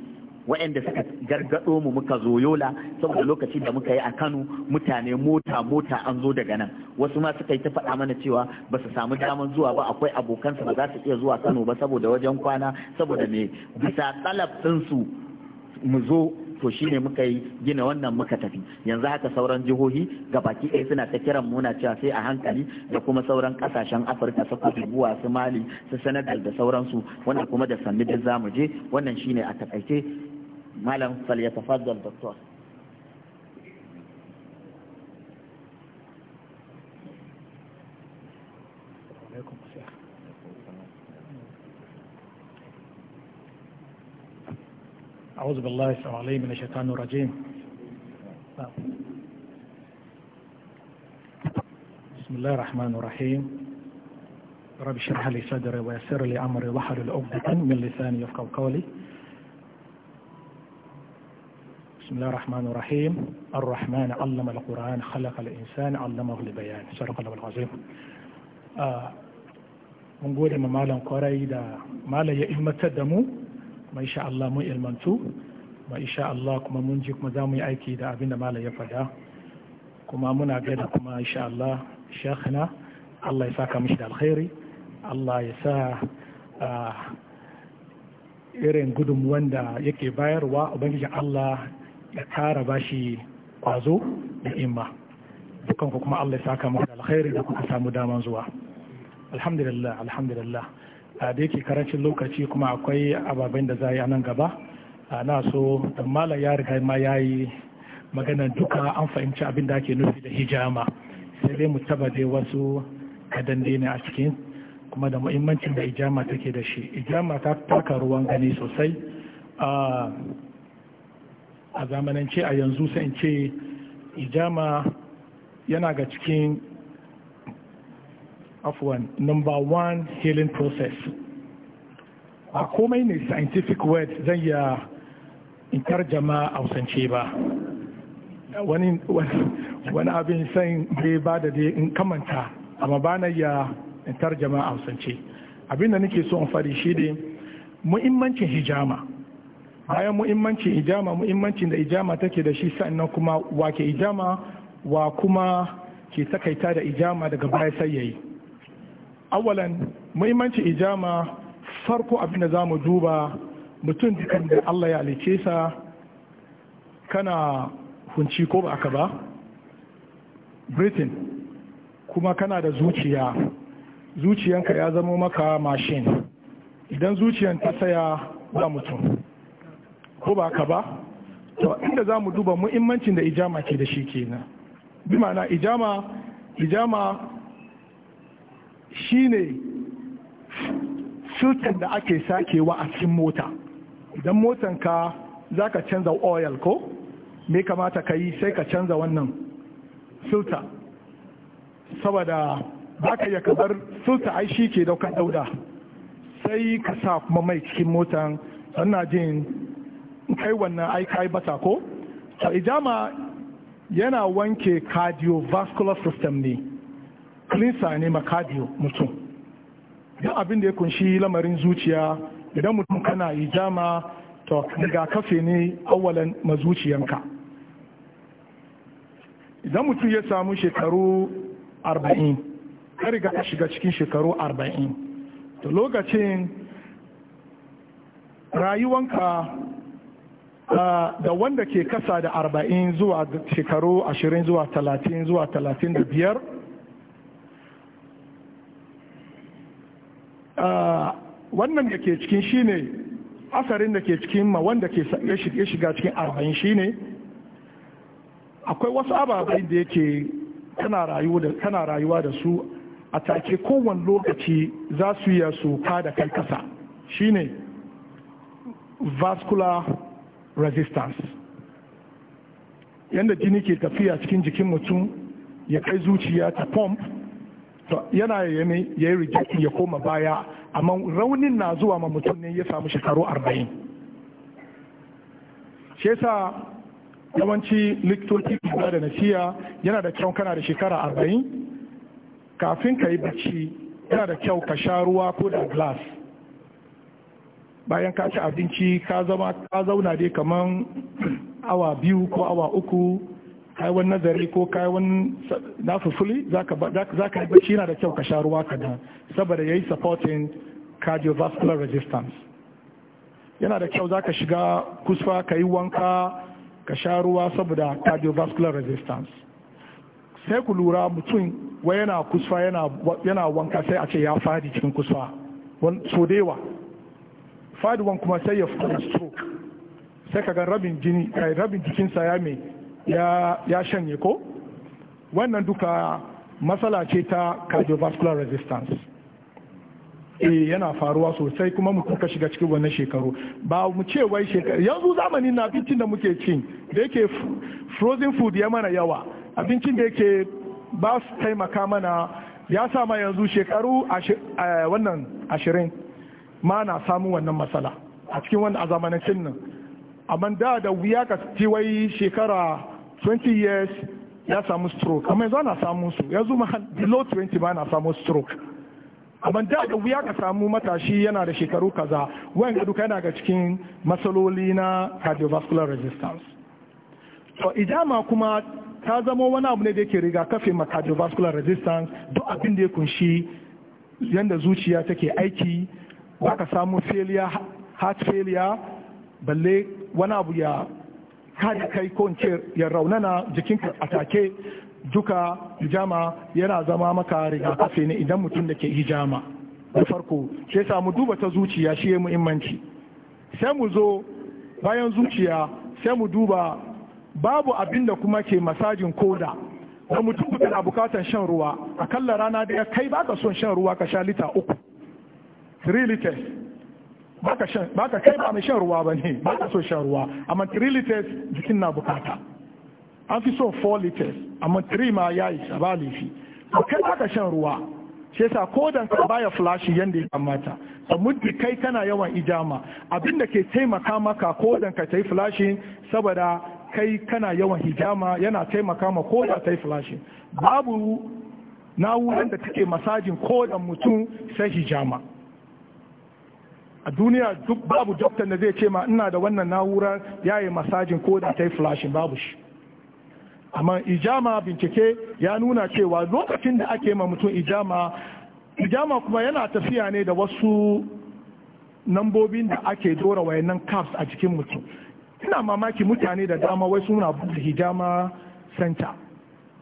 waɗanda suka gargaɗo mu muka zo yola saboda lokacin da muka yi a kano mutane mota mota an zo daga nan wasu ma suka yi ta faɗa mana cewa ba su samu daman zuwa ba akwai abokansa ba za su iya zuwa kano ba saboda wajen kwana saboda me bisa ɗalab ɗinsu mu zo to shi ne muka yi gina wannan muka tafi yanzu haka sauran jihohi ga baki ɗaya suna ta kiran muna cewa sai a hankali da kuma sauran kasashen afirka su buwa su mali su senegal da sauransu wanda kuma da sannu duk zamu je wannan shine a takaice malam fal yatafaddal doctor أعوذ بالله السلام عليكم من الشيطان الرجيم بسم الله الرحمن الرحيم رب شرح لي صدري ويسر لي أمري وحر الأبدة من لساني يفقهوا قولي بسم الله الرحمن الرحيم الرحمن علم القرآن خلق الإنسان علمه لبيان سرق الله العظيم mun gode ma malam kwarai da مالا يئمت ilmantar ma isha Allah mun ilmantu ma isha Allah kuma mun ji kuma za mu yi aiki da abin da malam ya fada kuma muna gaida kuma isha Allah shekhina Allah ya saka mishi da alkhairi Allah ya sa irin gudun wanda yake bayarwa ubangijin Allah ya tara bashi kwazo da imma dukanku kuma Allah ya saka muku da alkhairi da kuka samu daman zuwa alhamdulillah alhamdulillah da yake karancin lokaci kuma akwai ababen da za yi a nan gaba na so da ya riga ma ya yi magana duka an fahimci abin da ake nufi da hijama sai dai mu taba dai wasu kadande ne a cikin kuma da muhimmancin da hijama take da shi hijama ta taka ruwan gani sosai a zamanance a yanzu sai in ce hijama yana ga cikin one, number one healing process a komai ne scientific word zan iya in tarjama a hausance ba wani abin san bai ba da dai in kamanta amma ba na iya in tarjama a hausance abin da nake so in fari shi ne muhimmancin hijama bayan muhimmancin hijama muhimmancin da hijama take da shi sannan kuma wake hijama wa kuma ke takaita da hijama daga baya sai yayi awalan muhimmanci ijama farko abin da za mu duba mutum jikin da Allah ya halice sa kana hunci ko ba aka ba britain kuma kana da zuciya zuciyanka ya zama maka mashin idan zuciyan ta saya ba mutum ko ba aka ba to inda za mu duba muhimmancin da ijama ke da shi kenan bi ma'ana ijama ijama Shi ne filter da ake sakewa a cikin mota idan motanka ka za ka canza oil ko me kamata ka yi sai ka canza wannan filter saboda ba ka iya kabar filter ai shi ke daukar dauda sai ka sa kuma mai cikin motan na jin kai wannan ai kai bata ko ijama yana wanke cardiovascular system ne klisa ne makadiyo mutum duk abin da ya kunshi lamarin zuciya idan mutum kana yi jama to daga kafe ne awalan mazuciyanka idan mutum ya samu shekaru 40 ka riga ka shiga cikin shekaru 40 to lokacin rayuwanka Uh, da wanda ke kasa da 40 zuwa shekaru 20 zuwa 30 zuwa 35 Ah, wannan da ke cikin shi ne asarin da ke cikin ma wanda ke shiga cikin arba'in ne. akwai wasu ababai da yake kana rayuwa da su a take kowane lokaci za su yi su da kai kasa ne vascular resistance yadda jini ke tafiya cikin jikin mutum ya kai zuciya ta pump to yana yayi yayi ya koma baya amma raunin na zuwa ma mutum ne ya samu shekaru arba'in shi yasa yawanci likitoci kula da nasiya yana da kyau kana da shekara arba'in kafin ka yi bacci yana da kyau ka sha ruwa ko da glass bayan ka ci abinci ka zama ka zauna dai kaman awa biyu ko awa uku kai wani nazari ko kai wani nafufuli za ka yi bacci yana da kyau ka sha ruwa ka da saboda ya yi supporting cardiovascular resistance yana da kyau za ka shiga kusfa ka yi wanka ka sha ruwa saboda cardiovascular resistance sai ku lura mutum wai yana kusfa yana wanka sai a ce ya fadi cikin kusfa so dewa fadi kuma sai ya fara stroke sai ka ga rabin jini eh, rabin jikinsa ya mai ya shanye ko wannan duka matsala ce ta cardiovascular resistance eh yana faruwa sosai kuma mu kuka shiga cikin wannan shekaru ba mu ce wai shekaru yanzu zamani na abincin da muke cin da yake frozen food ya mana yawa abincin da yake ba su taimaka mana ya sama yanzu shekaru wannan ashirin ma na samun wannan matsala a cikin wannan azamanancin nan amma da da wuya ka wai shekara 20 years ya samu stroke amma yanzu ana samun su yanzu ma below 20 ba na samu stroke amma da da wuya ka samu matashi yana da shekaru kaza wanga duka yana ga cikin matsaloli na cardiovascular resistance to ma kuma ta zama wani abu ne da yake riga kafe ma cardiovascular resistance duk abin da ya kunshi yanda zuciya take aiki ba ka samu failure heart failure balle wani abu ya kada kai ko ce ya raunana jikinka a take duka hijama yana zama maka rigakafi ne idan mutum da ke hijama da farko sai samu duba ta zuciya shi ya muhimmanci sai mu zo bayan zuciya sai mu duba babu abin da kuma ke masajin koda da mutum a bukatan shan ruwa akalla rana da ya kai baka son shan ruwa ka sha lita uku 3 liters Ba ka kai ba mai shan ruwa ba ne ba ka so shan ruwa amma 3 liters jikin na bukata an fi so 4 liters amma 3 ma ya yi ba lifi ba kai ka shan ruwa shi yasa ko dan ka baya flashi yanda ya kamata da muddi kai kana yawan ijama abinda ke taimaka maka ko dan ka tai flashi saboda kai kana yawan hijama yana taimaka ma ko da tai flashi babu na'urar da take masajin ko dan mutum sai hijama a duniya duk babu doktan da zai ce ma ina da wannan naurar ya yi masajin ko da ta yi flashin babu shi amma ijama bincike ya nuna cewa lokacin da ake ma mutum ijama ijama kuma yana tafiya ne da wasu nambobin da ake dora wayannan caps a cikin mutum ina mamaki mutane da dama wai suna buɗe hijama center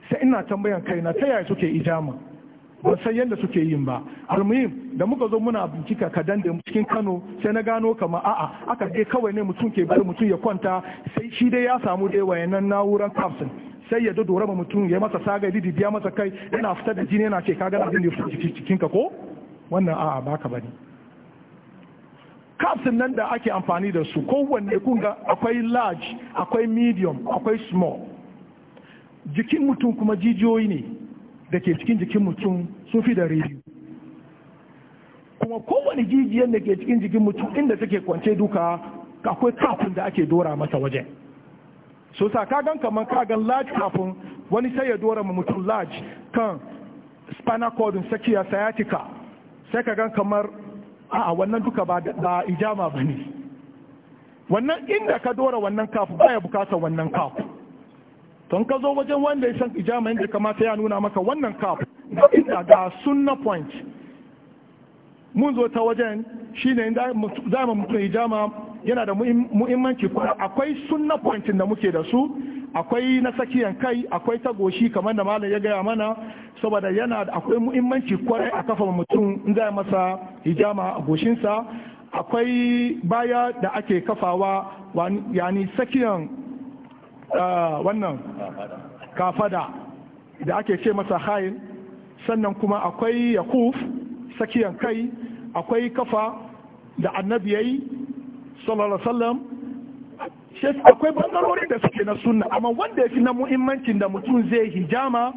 sai ina tambayan kaina ta yaya suke ijama ba san yadda suke yin ba almuhim da muka zo muna bincika kadan da cikin kano sai na gano kama a'a aka je kawai ne mutum ke bari mutum ya kwanta sai shi dai ya samu dai wayannan na'urar capsule sai ya dodora ma mutum ya masa saga didi biya masa kai yana fita da jini yana ce ka gana abin da ya fi cikin ka ko wannan a'a baka bane capsule nan da ake amfani da su kowanne kunga akwai large akwai medium akwai small jikin mutum kuma jijiyoyi ne da ke cikin jikin mutum sun fi da rediyo kuma kowane jijiyar da ke cikin jikin mutum inda take kwance duka akwai kafin da ake dora masa wajen so sa kaman kamar gan large kafin wani sai ya dora ma mutum large kan spinal cord sakiya sciatica sai ka gan kamar a wannan duka ba ijama ba ne wannan inda ka dora wannan kafin baya bukatar wannan kafin. don ka zo wajen wanda ya san ijama inda kamata ya nuna maka wannan kaf inda ga sunna point mun zo ta wajen shine inda za mu mutum ijama yana da muhimmanci kuma akwai sunna point da muke da su akwai na tsakiyan kai akwai ta goshi kamar da malam ya gaya mana saboda yana da akwai muhimmanci kwarai a kafa mutum in zai masa hijama a goshinsa akwai baya da ake kafawa yani tsakiyan Ah, wannan kafada da ake ce masa hayin sannan kuma akwai yakuf sakiyan kai akwai kafa da annabi yayi sallallahu sallam akwai bangarori da suke na sunna amma wanda ya fi na muhimmancin da mutum zai hijama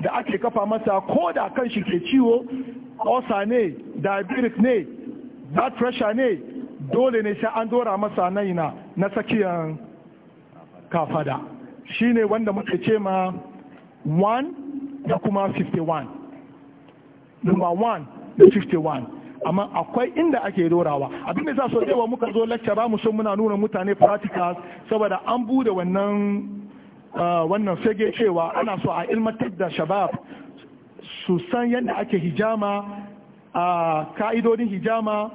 da ake kafa masa ko da kan shi ke ciwo osa ne diabetic ne blood pressure ne dole ne sai an dora masa yi na sakiyan kafada shine wanda muka ce ma 1 da kuma 51 number 1 da 51 amma akwai inda ake dorawa abinda za su so cewa muka zo lakcara ba mu so muna nuna mutane practicals saboda an bude wannan uh, wannan fage cewa ana so a ilmantar da shabab su san yadda ake hijama a ka'idodin hijama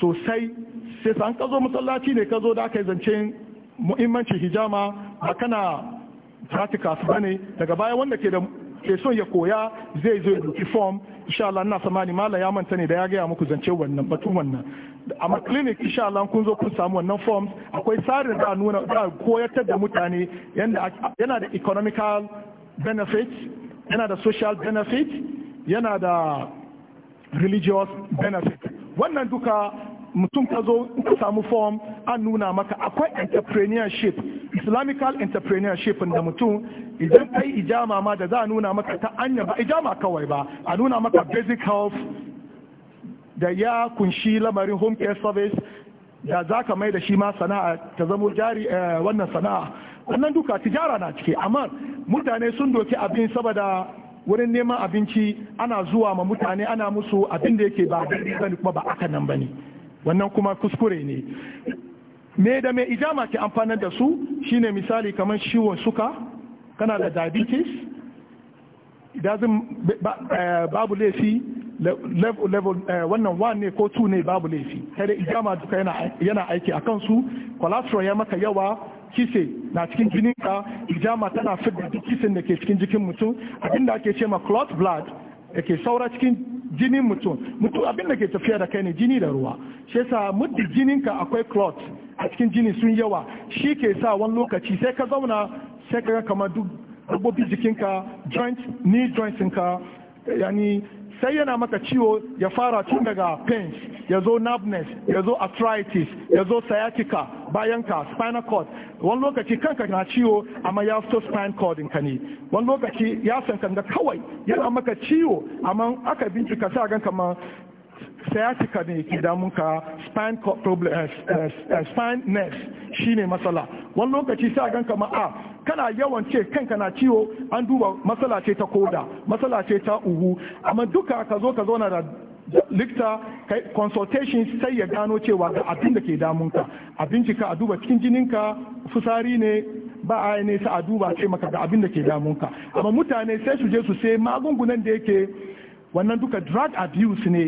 sosai sai an ka zo masallaci ne kazo da aka yi zancen muhimmancin hijama ba kana practicals ba ne daga baya wanda ke da ke son ya koya zai zo ya form insha Allah ina samani mala ya manta ne da ya gaya muku zance wannan batun wannan amma clinic insha Allah kun zo kun samu wannan forms akwai tsarin da nuna da koyar da mutane yana da economical benefit yana da social benefit yana da religious benefit wannan duka mutum ka zo ka samu form an nuna maka akwai entrepreneurship islamical entrepreneurship da mutum idan kai ijama ma da za a nuna maka ta anya ba ijama kawai ba a nuna maka basic health da ya kunshi lamarin home care service da za ka mai da shi ma sana'a ta zamo jari eh, wannan sana'a wannan duka tijara na ciki amma mutane sun doki abin saboda wurin neman abinci ana zuwa ma mutane ana musu abin da yake ba daidai kuma ba aka nan ne. wannan kuma kuskure ne me da me ijama ke amfanar da su shine misali kamar ciwon suka kana da diabetes dazin eh, babu laifi level eh, wannan one ne ko two ne babu laifi sai da ijama duka yana aiki a su, cholesterol ya maka yawa kise na cikin jininka ijama tana fidda duk kisin da ke cikin jikin mutum abinda ake ce ma clot blood da ke saura cikin jinin mutum mutum abin da ke tafiya da kai ne jini da ruwa shi yasa muddin jininka akwai clot a cikin jini sun yawa shi ke sa wani lokaci sai ka zauna sai ka ga kamar duk gabobi jikinka joint knee joint ɗinka yani sai yana maka ciwo ya fara tun daga pains ya zo numbness ya zo arthritis ya zo sciatica Bayan ka spinal cord wani lokaci kanka na ciwo amma ya fito spinal cord ka ne wani lokaci ya san kanga kawai yana maka ciwo amma aka bincika sa gan kamar sciatica ne ke ka spine problem eh, eh, eh, spine nerve shine matsala wani lokaci sa gan kamar a ah, kana yawan ce kanka na ciwo an duba matsala ce ta koda matsala ce ta uhu amma duka ka zo ka zauna da likta consultation sai ya gano cewa ga abin da ke damunka a bincika a duba cikin jininka fusari ne ba a ne sa a duba ce maka ga abin da ke damunka amma mutane sai su je su sai magungunan da yake wannan duka drug abuse ne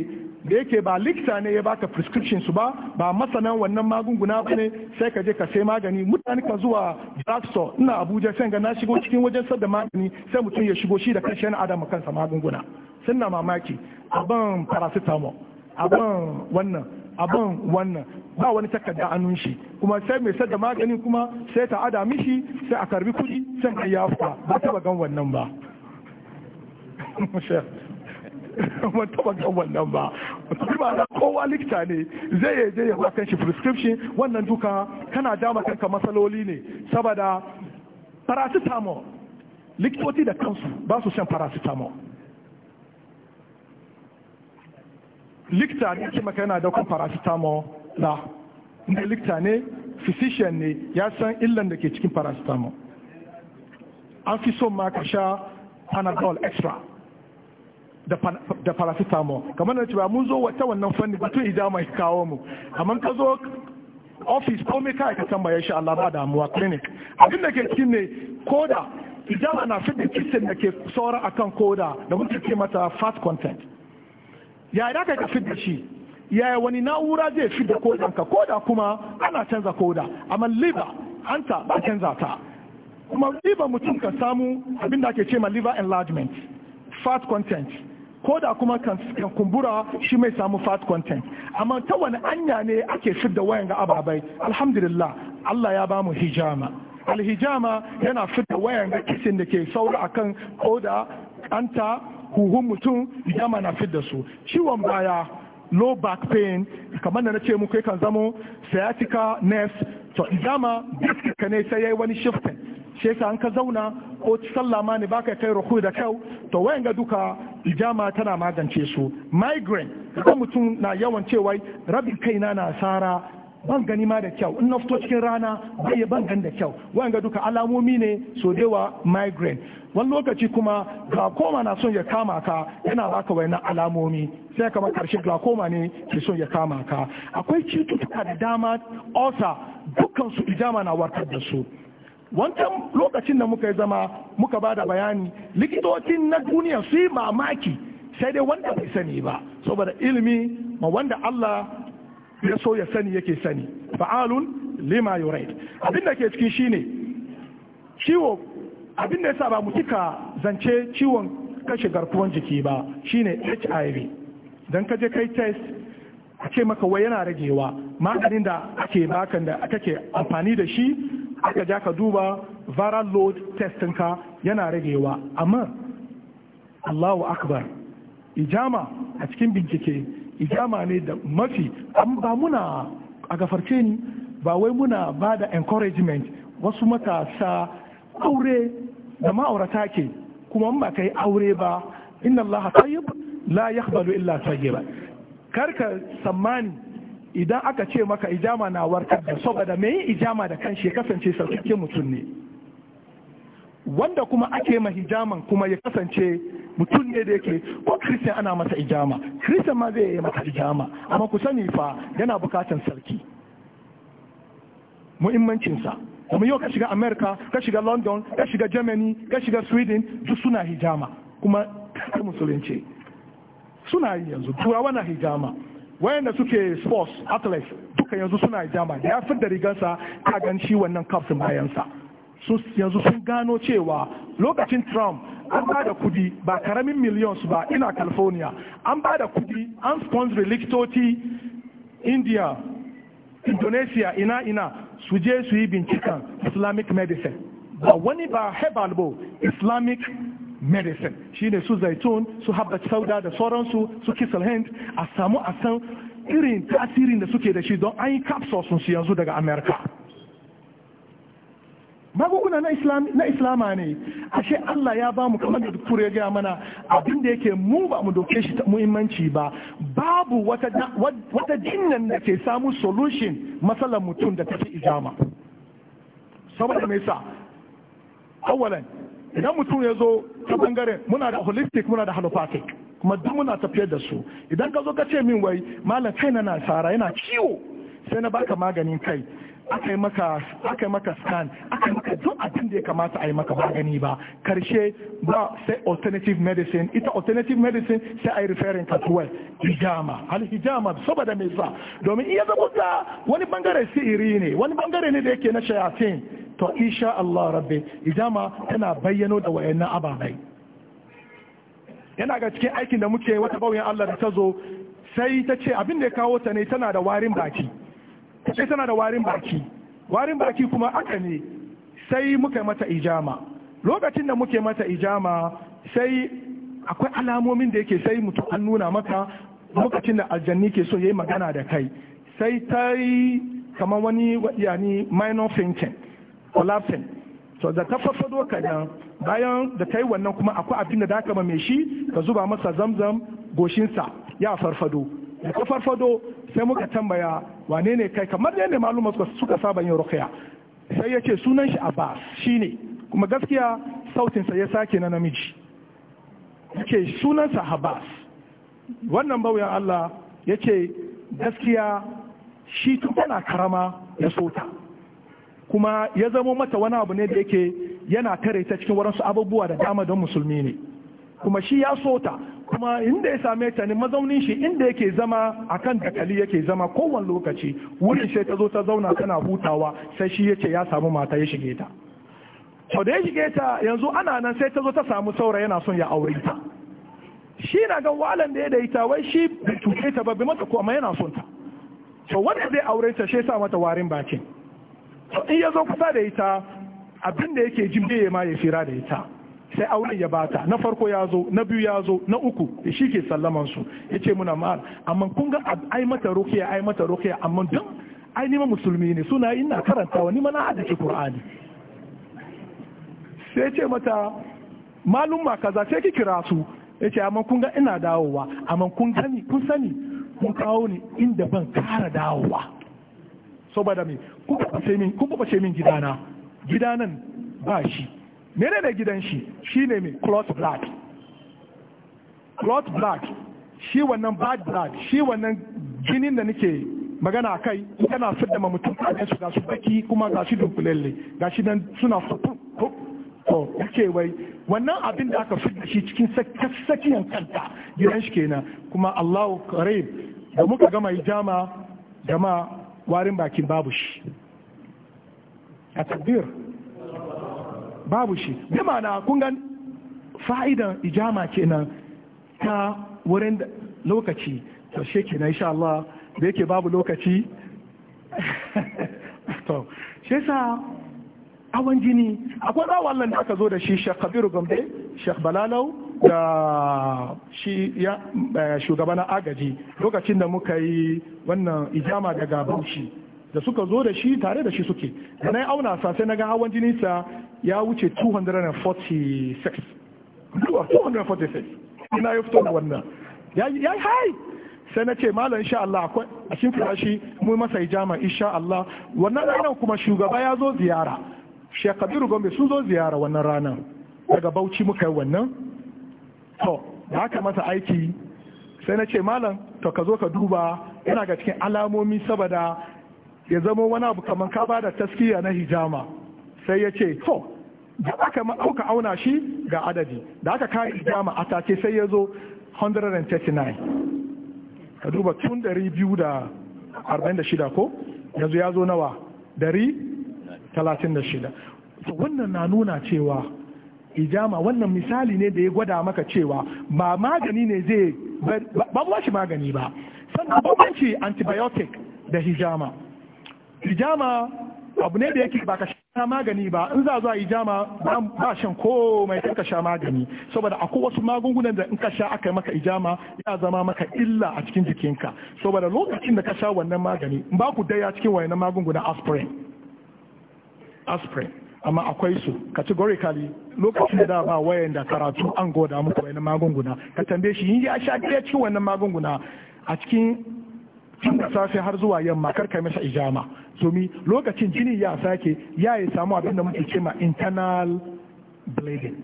da yake ba likta ne ya baka prescription su ba ba masanan wannan magunguna ba ne sai ka je ka sai magani mutane ka zuwa drugstore ina abuja sai ga na shigo cikin wajen sadda magani sai mutum ya shigo shi da kanshi yana adama kansa magunguna suna mamaki abin paracetamol abin wannan abin wannan ba wani takarda a shi kuma sai mai sadda maganin kuma sai ta ada mishi sai a karbi kudi sai ka ya fa ba taba gan wannan ba ban taba gan wannan ba ba na kowa likita ne zai yi je ya kan shi prescription wannan duka kana dama kanka matsaloli ne saboda paracetamol likitoci da kansu ba su shan paracetamol likta ne ke maka yana daukan paracetamol na inda likta ne physician ne ya san illan da ke cikin paracetamol an fi son ma ka sha panadol extra da paracetamol kamar da cewa mun zo wata wannan fanni batun ida mai kawo mu amma ka zo office ko me kai ka tambaya shi Allah ba damuwa clinic abin da ke cikin ne koda ijama na fitar da kitin da ke saura akan koda da mutum ke mata fat content ya da ka fi da shi yaya wani na'ura zai fi da ka koda kuma ana canza koda amma liver hanta ba canza ta kuma liver mutum kan samu abin da ake ce ma liver enlargement fat content koda kuma kan kumbura shi mai samu fat content amma ta wani anya ne ake fi da wayan ga ababai alhamdulillah Allah ya ba mu hijama alhijama yana fi da wayan ga kisin da ke saura akan koda ɗanta. huhun mutum mana na da su ciwon baya low back pain kamar da na ce muku kan zamo sciatica nerve to dama ka ne sai yayi wani shifting shi ka an ka zauna ko sallah ma ne baka kai ruku da kyau to wayan ga duka ijama tana magance su migraine idan mutum na yawan cewa rabin kaina na sara ban gani ma da kyau in na fito cikin rana bai ban gani da kyau ga duka alamomi ne so dewa migraine wani lokaci kuma glaucoma na son ya kama ka yana baka wayannan alamomi sai kamar karshe glaucoma ne ke son ya kama ka akwai cututtuka da dama ulcer dukkan su ijama na warkar da su wancan lokacin da muka yi zama muka ba da bayani likitocin na duniya su yi mamaki sai dai wanda bai sani ba saboda ilimi ma wanda Allah ya so ya sani yake sani fa'alun lima yurid abin ke cikin shine ciwo abin da yasa ba mu kika zance ciwon kashe garkuwan jiki ba shine HIV dan ka je kai test a ce maka wai yana ragewa maganin da ake bakan da kake amfani da shi aka ja ka duba viral load testinka yana ragewa amma Allahu akbar ijama a cikin bincike ijama ne da mafi ba muna a gafarce ni ba wai muna ba da encouragement wasu matasa aure da ma'aurata ke kuma ba kai yi aure ba inna allaha tayyib la yaqbalu illa tayyiba karka sammani idan aka ce maka ijama na warkar da saboda me yi ijama da kanshi ya kasance sauƙaƙe mutum ne wanda kuma ake ma hijaman kuma ya kasance mutum ne da yake ko kristiyan ana masa ijama kristiyan ma zai yi masa ijama amma ku sani fa yana bukatan sarki muhimmancinsa kuma yau ka shiga america ka shiga london ka shiga germany ka shiga sweden duk suna hijama kuma kar musulunci suna yi yanzu turawa na hijama wayanda suke sports athletes duka yanzu suna hijama da ya da rigansa ka gan shi wannan kafin bayansa yanzu sun gano cewa lokacin trump an ba da kudi ba karamin millions ba ina california an ba da kudi an sponsor likitoci india indonesia ina ina su je su yi binciken islamic medicine ba wani ba herbal bo islamic medicine shine su zaitun su habba sauda da sauransu su kisal hand a samu a san irin tasirin da suke da shi don an yi capsules sun su yanzu daga america magunguna na islama ne ashe Allah ya ba mu kamar da dukkan ya gaya mana abin da yake mu ba mu doke shi muhimmanci ba babu wata jinnan da ke samu solution matsalar mutum da take ijama saboda me yasa awalan idan mutum ya zo ta bangare muna da holistic muna da allopathic kuma duk muna tafiyar da su idan ka zo ka ce min wai malam kai na nasara yana ciwo sai na baka maganin kai aka yi maka aka yi maka scan aka yi maka duk abin da ya kamata a yi maka ba ba karshe ba sai alternative medicine ita alternative medicine sai a yi referring ka tuwai hijama hal hijama saboda mai sa domin iya zama ta wani bangare sihiri ne wani bangare ne da yake na shayatin to insha Allah rabbi hijama tana bayyano da wayannan ababai yana ga cikin aikin da muke wata bauyan Allah da ta zo sai ta ce abin da ya kawo ta ne tana da warin baki sai tana da warin baki warin baki kuma aka ne sai muka mata ijama lokacin da muke mata ijama sai akwai alamomin da yake sai mutu an nuna maka lokacin da aljanni ke so ya yi magana da kai sai ta yi kamar wani yani minor fainting collapsing so da ta farfado kadan bayan da ta yi wannan kuma akwai abin da daka mai shi ka zuba masa zamzam goshinsa ya farfado da ta farfado sai muka tambaya wane ne kai kamar yadda maluma suka saba yin rukiya sai ya ce sunan shi abbas shine kuma gaskiya sautinsa ya sake na namiji ya sunansa abbas wannan bauyan allah ya ce gaskiya shi tun tana karama ya sota kuma ya zamo mata wani abu ne da yake yana tare ta cikin waransu abubuwa da dama don musulmi ne kuma shi ya sota kuma inda ya same ta ne mazaunin shi inda yake zama a kan dakali yake zama kowane lokaci wurin sai ta zo ta zauna tana hutawa sai shi yace ya samu mata ya shige ta to da ya shige ta yanzu ana nan sai ta zo ta samu saura yana son ya aure ta shi na ga walan da ya da ita wai shi bai tuke ta ba bai mata kuma yana son ta to wanda zai aure ta ya sa mata warin bakin to in ya zo kusa da ita abin da yake jimbe ya ma ya fira da ita sai auren ya bata na farko ya zo na biyu ya zo na uku shi ke sallaman su ya ce muna ma'ar amma kun ga ai mata rukiya ai mata rukiya amma duk ai nima musulmi ne suna ina karantawa nima mana hadisi qur'ani sai ce mata malum ma kaza sai ki kira su ya ce amma kun ga ina dawowa amma kun gani kun sani kun kawo ni inda ban kara dawowa saboda me kun ba ce min gidana gidanan ba shi Mene ne gidan shi shine mai cloth blood cloth blood shi wannan bad blood shi wannan jinin da nake magana kai yana fidda ma mutum kaɗan su gasu baki kuma gasu shi dunkulelle nan suna fufu to yake wai wannan abin da aka fidda shi cikin sakiyan kanta gidan shi kenan kuma Allahu karim da muka gama hijama da ma warin bakin babu shi a tabbir babu shi bi ma'ana kun ga fa'idan ijama kenan ta wurin lokaci to shi na, isha Allah da yake babu lokaci to shi sa awon jini akwai rawan nan da aka zo da shi shek Kabiru Gombe shek Balalau da shi ya eh, shugaban agaji lokacin da muka yi wannan ijama daga Bauchi da suka zo da shi tare da shi suke da na auna sa sai na ga hawan jini sa ya wuce 246 246 ina ya fito da wannan ya yi hai sai na ce malam insha Allah akwai a shimfiɗa shi mu masa ijama insha Allah wannan ranar kuma shugaba ya zo ziyara Sheikh Kabiru Gombe sun zo ziyara wannan ranar daga Bauchi muka yi wannan to da haka masa aiki sai na ce malam to ka zo ka duba yana ga cikin alamomi saboda ya zama wani abu kamar ka bada taskiya na hijama sai ya ce to da aka auka auna shi ga adadi da aka kawo hijama a take sai ya zo 139 ka duba tun 246 ko yanzu ya zo nawa 136 wannan na nuna cewa hijama wannan misali ne da ya gwada maka cewa ba magani ne zai ba shi magani ba sannan bambanci antibiotic da hijama Ijama abu ne da yake ba ka sha magani ba in za zuwa ijama ba shan ko mai ka sha magani saboda akwai wasu magungunan da in ka sha aka maka ijama ya zama maka illa a cikin jikinka saboda lokacin da ka sha wannan magani ba ku daya cikin wannan magungunan aspirin aspirin amma akwai su categorically lokacin da ba wayan da karatu an goda muku wani magunguna ka tambaye shi yin ya sha ɗaya cikin wannan magunguna a cikin tun da safe har zuwa yamma kar kai masa ijama domin lokacin jini ya sake ya yi samu abin da muke cema internal bleeding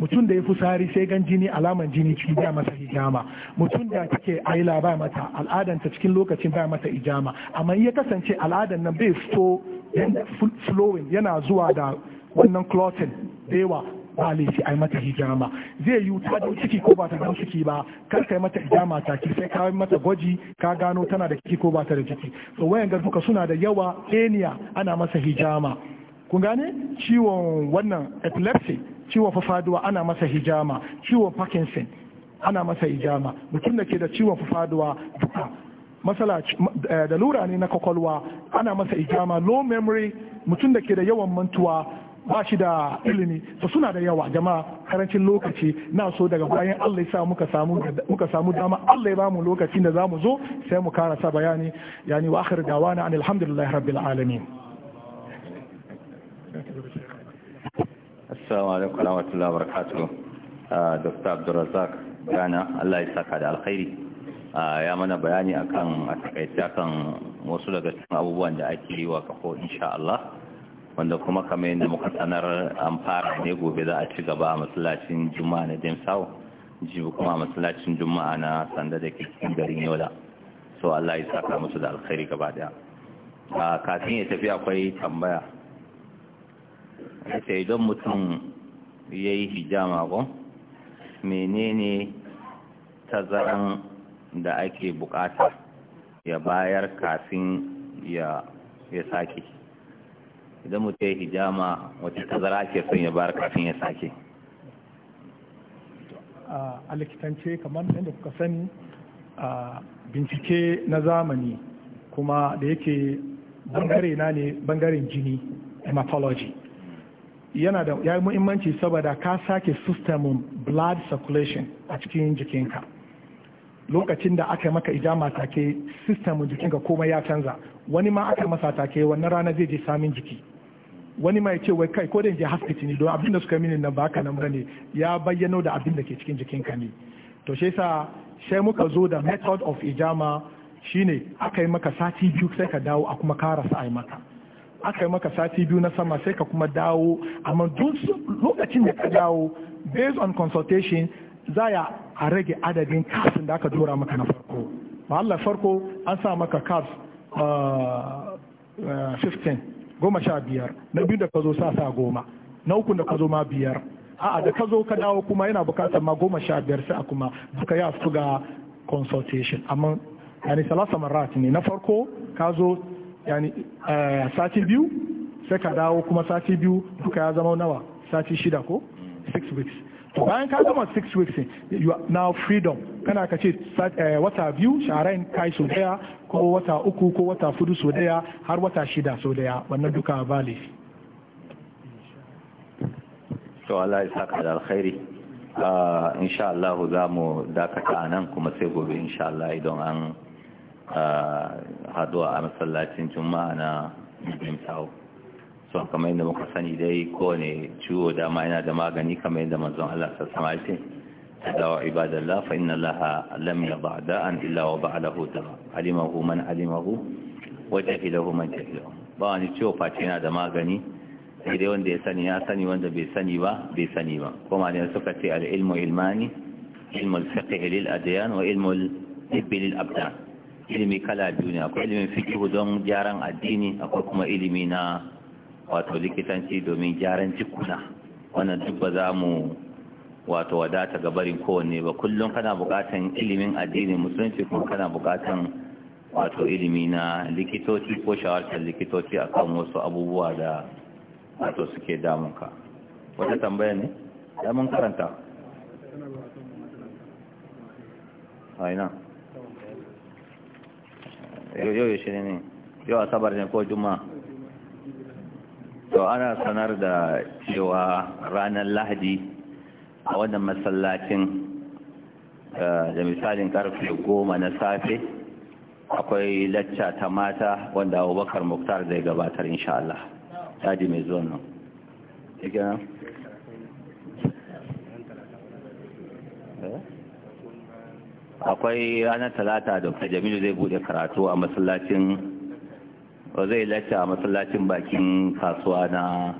mutum da ya fusari sai gan jini alaman jini ciki ba masa ijama. mutum da take aila ba mata ta cikin lokacin ba mata ijama amma ya kasance al'adan nan bai fito flowing yana zuwa da wannan clotting da ba laifi ai mata hijama zai yi ta da ciki ko ba ta da ciki ba kar kai mata hijama ta ki sai ka mata gwaji ka gano tana da ciki ko ba ta da ciki so wayan garfuka suna da yawa eniya ana masa hijama kun gane ciwon wannan epilepsy ciwon fafaduwa ana masa hijama ciwon parkinson ana masa hijama mutum da ke da ciwon fafaduwa duka matsala eh, da lura ne na kwakwalwa ana masa hijama low memory mutum da ke da yawan mantuwa ba shi da ilimi to suna da yawa jama'a karancin lokaci na so daga bayan Allah ya sa muka samu muka samu dama Allah ya bamu lokacin da zamu zo sai mu karasa bayani yani wa akhir dawana alhamdulillah rabbil alamin assalamu alaikum wa rahmatullahi wa barakatuh uh, dr abdurrazak gana Allah ya saka da alkhairi uh, ya mana bayani akan a takaice akan wasu daga cikin abubuwan da ake yi wa kafo insha Allah wanda kuma kamar yadda muka sanar an fara ne gobe za a ci gaba a masallacin juma'a na demsau jibi kuma a masallacin juma'a na sanda da ke cikin garin yola so allah ya saka musu da alkhairi gaba daya kafin ya tafi akwai tambaya sai don mutum ya yi hijama ko menene tazaran da ake bukata ya bayar kafin ya sake idan mutum ya hijama wata tazara ke son ya bar kafin ya sake a likitance kamar yadda kuka sani a bincike na zamani kuma da yake bangare na ne bangaren jini hematology yana da ya yi muhimmanci saboda ka sake system blood circulation a cikin jikinka lokacin da aka maka ijama take system jikinka komai ya canza wani ma aka masa take wannan rana zai je samun jiki wani mai ce wai kai ko da je asibiti ne don abinda suka mini nan ba haka nan bane ya bayyano da abin da ke cikin jikin ka ne to shi yasa sai muka zo da method of ijama shine aka yi maka sati biyu sai ka dawo a kuma karasa a yi maka aka yi maka sati biyu na sama sai ka kuma dawo amma duk lokacin da ka dawo based on consultation za a rage adadin kafin da aka dora maka na farko ba Allah farko an sa maka kaf ah, ah, 15 goma sha biyar na biyu da ka zo sa sa goma na uku da ka zo ma biyar a'a da ka zo ka dawo kuma yana bukatar ma goma sha biyar sai a kuma duka ya su ga consultation amma yani salasa marat ne na farko ka zo yani eh, sati biyu sai ka dawo kuma sati biyu duka ya zama nawa sati shida ko six weeks to bayan ka gama six weeks you are now freedom kana ka ce eh, wata biyu sha'arain kai so daya ko wata uku ko wata fudu so daya har wata shida so daya wannan duka ba laifi to Allah ya saka da alkhairi ah, insha Allah za mu dakata nan kuma sai gobe insha Allah idan an ah, haduwa a masallacin juma'a na Jimsawo. son kamar yadda muka sani dai kowane ciwo dama yana da magani kamar yadda manzon Allah sassama ya ce dawa ibadallah fa inna laha lam yada da'an illa wa ba'alahu ta alimahu man alimahu wa jahilahu man jahilahu ba wani ciwo face yana da magani sai dai wanda ya sani ya sani wanda bai sani ba bai sani ba kuma ne suka ce al ilmu ilmani ilmu al-fiqh lil adyan wa ilmu al-tibb lil abdan ilimi kala biyu ne akwai ilimin fiqh don gyaran addini akwai kuma ilimi na wato likitanci domin gyaran jikuna wannan duk ba za mu wato wadata ga barin kowanne ba kullum kana bukatan ilimin addinin musulunci kuma kana bukatan wato ilimi na likitoci ko shawartar likitoci akan wasu abubuwa da wato suke damunka wata tambaya ne damun karanta aina yau yau shi ne yau asabar ne ko juma'a to ana sanar da cewa ranar lahadi a wannan masallacin eh, da misalin karfe goma na safe akwai lacca ta mata wanda abubakar muktar zai gabatar insha Allah daji mai zuwan nan eh? akwai ranar talata da jamilu zai bude karatu a masallacin zai lati a masallacin bakin kasuwa na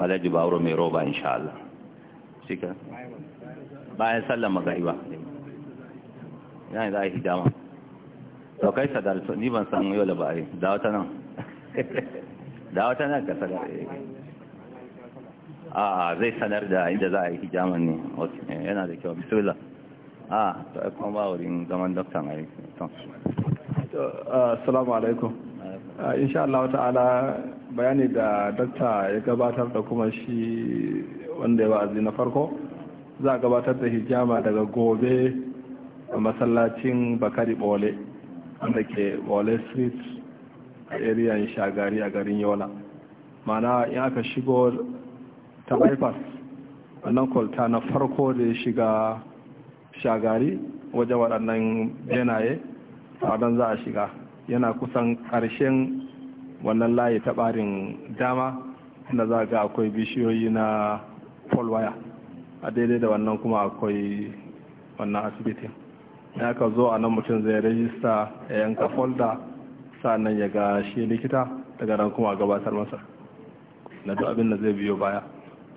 alhaji baro mai roba insha Allah ka bayan sallan magariba yana za a yi dama to kai sadar ni ban san yau da ba'ai da wata nan da wata nan ka sadar a zai sanar da inda za a yi hijaman ne yana da kyau bismillah a to ai kuma ba wurin zaman doktan a yi assalamu alaikum uh, insha Allah ta'ala bayani da dakta ya gabatar da kuma shi wanda ya wa'azi na farko za a gabatar da hijama daga gobe a masallacin bakari bole wanda ke bole street a area shagari a garin yola mana in aka shigo ta bypass wannan kwalta na farko da ya shiga shagari wajen waɗannan benaye a don za a shiga yana kusan ƙarshen wannan layi ta ɓarin dama inda za ga akwai bishiyoyi na pole waya a daidai da wannan kuma akwai wannan asibiti ya ka zo a nan mutum zai rajista ya yanka folda nan ya ga shi likita daga nan kuma gabatar masa na duk abin da zai biyo baya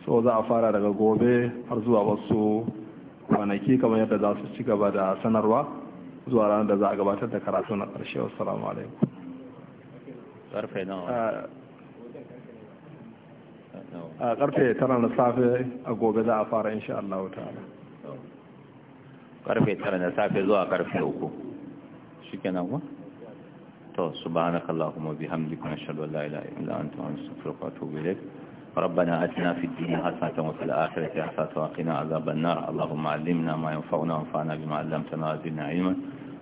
so za a fara daga gobe har zuwa wasu kwanaki kamar yadda za su ci gaba da sanarwa zuwa ranar da za a gabatar da karatu na ƙarshe wasu alaikum karfe a karfe tara na safe a gobe za a fara insha Allah ta'ala ƙarfe tara na safe zuwa ƙarfe uku shi shikenan ku to bi hamdi kuma an la ila an anta astaghfiruka wa atubu ilayk ربنا أتنا في الدنيا حسنة وفي الآخرة حسنة وقنا عذاب النار اللهم علمنا ما ينفعنا وانفعنا بما علمتنا وزدنا علما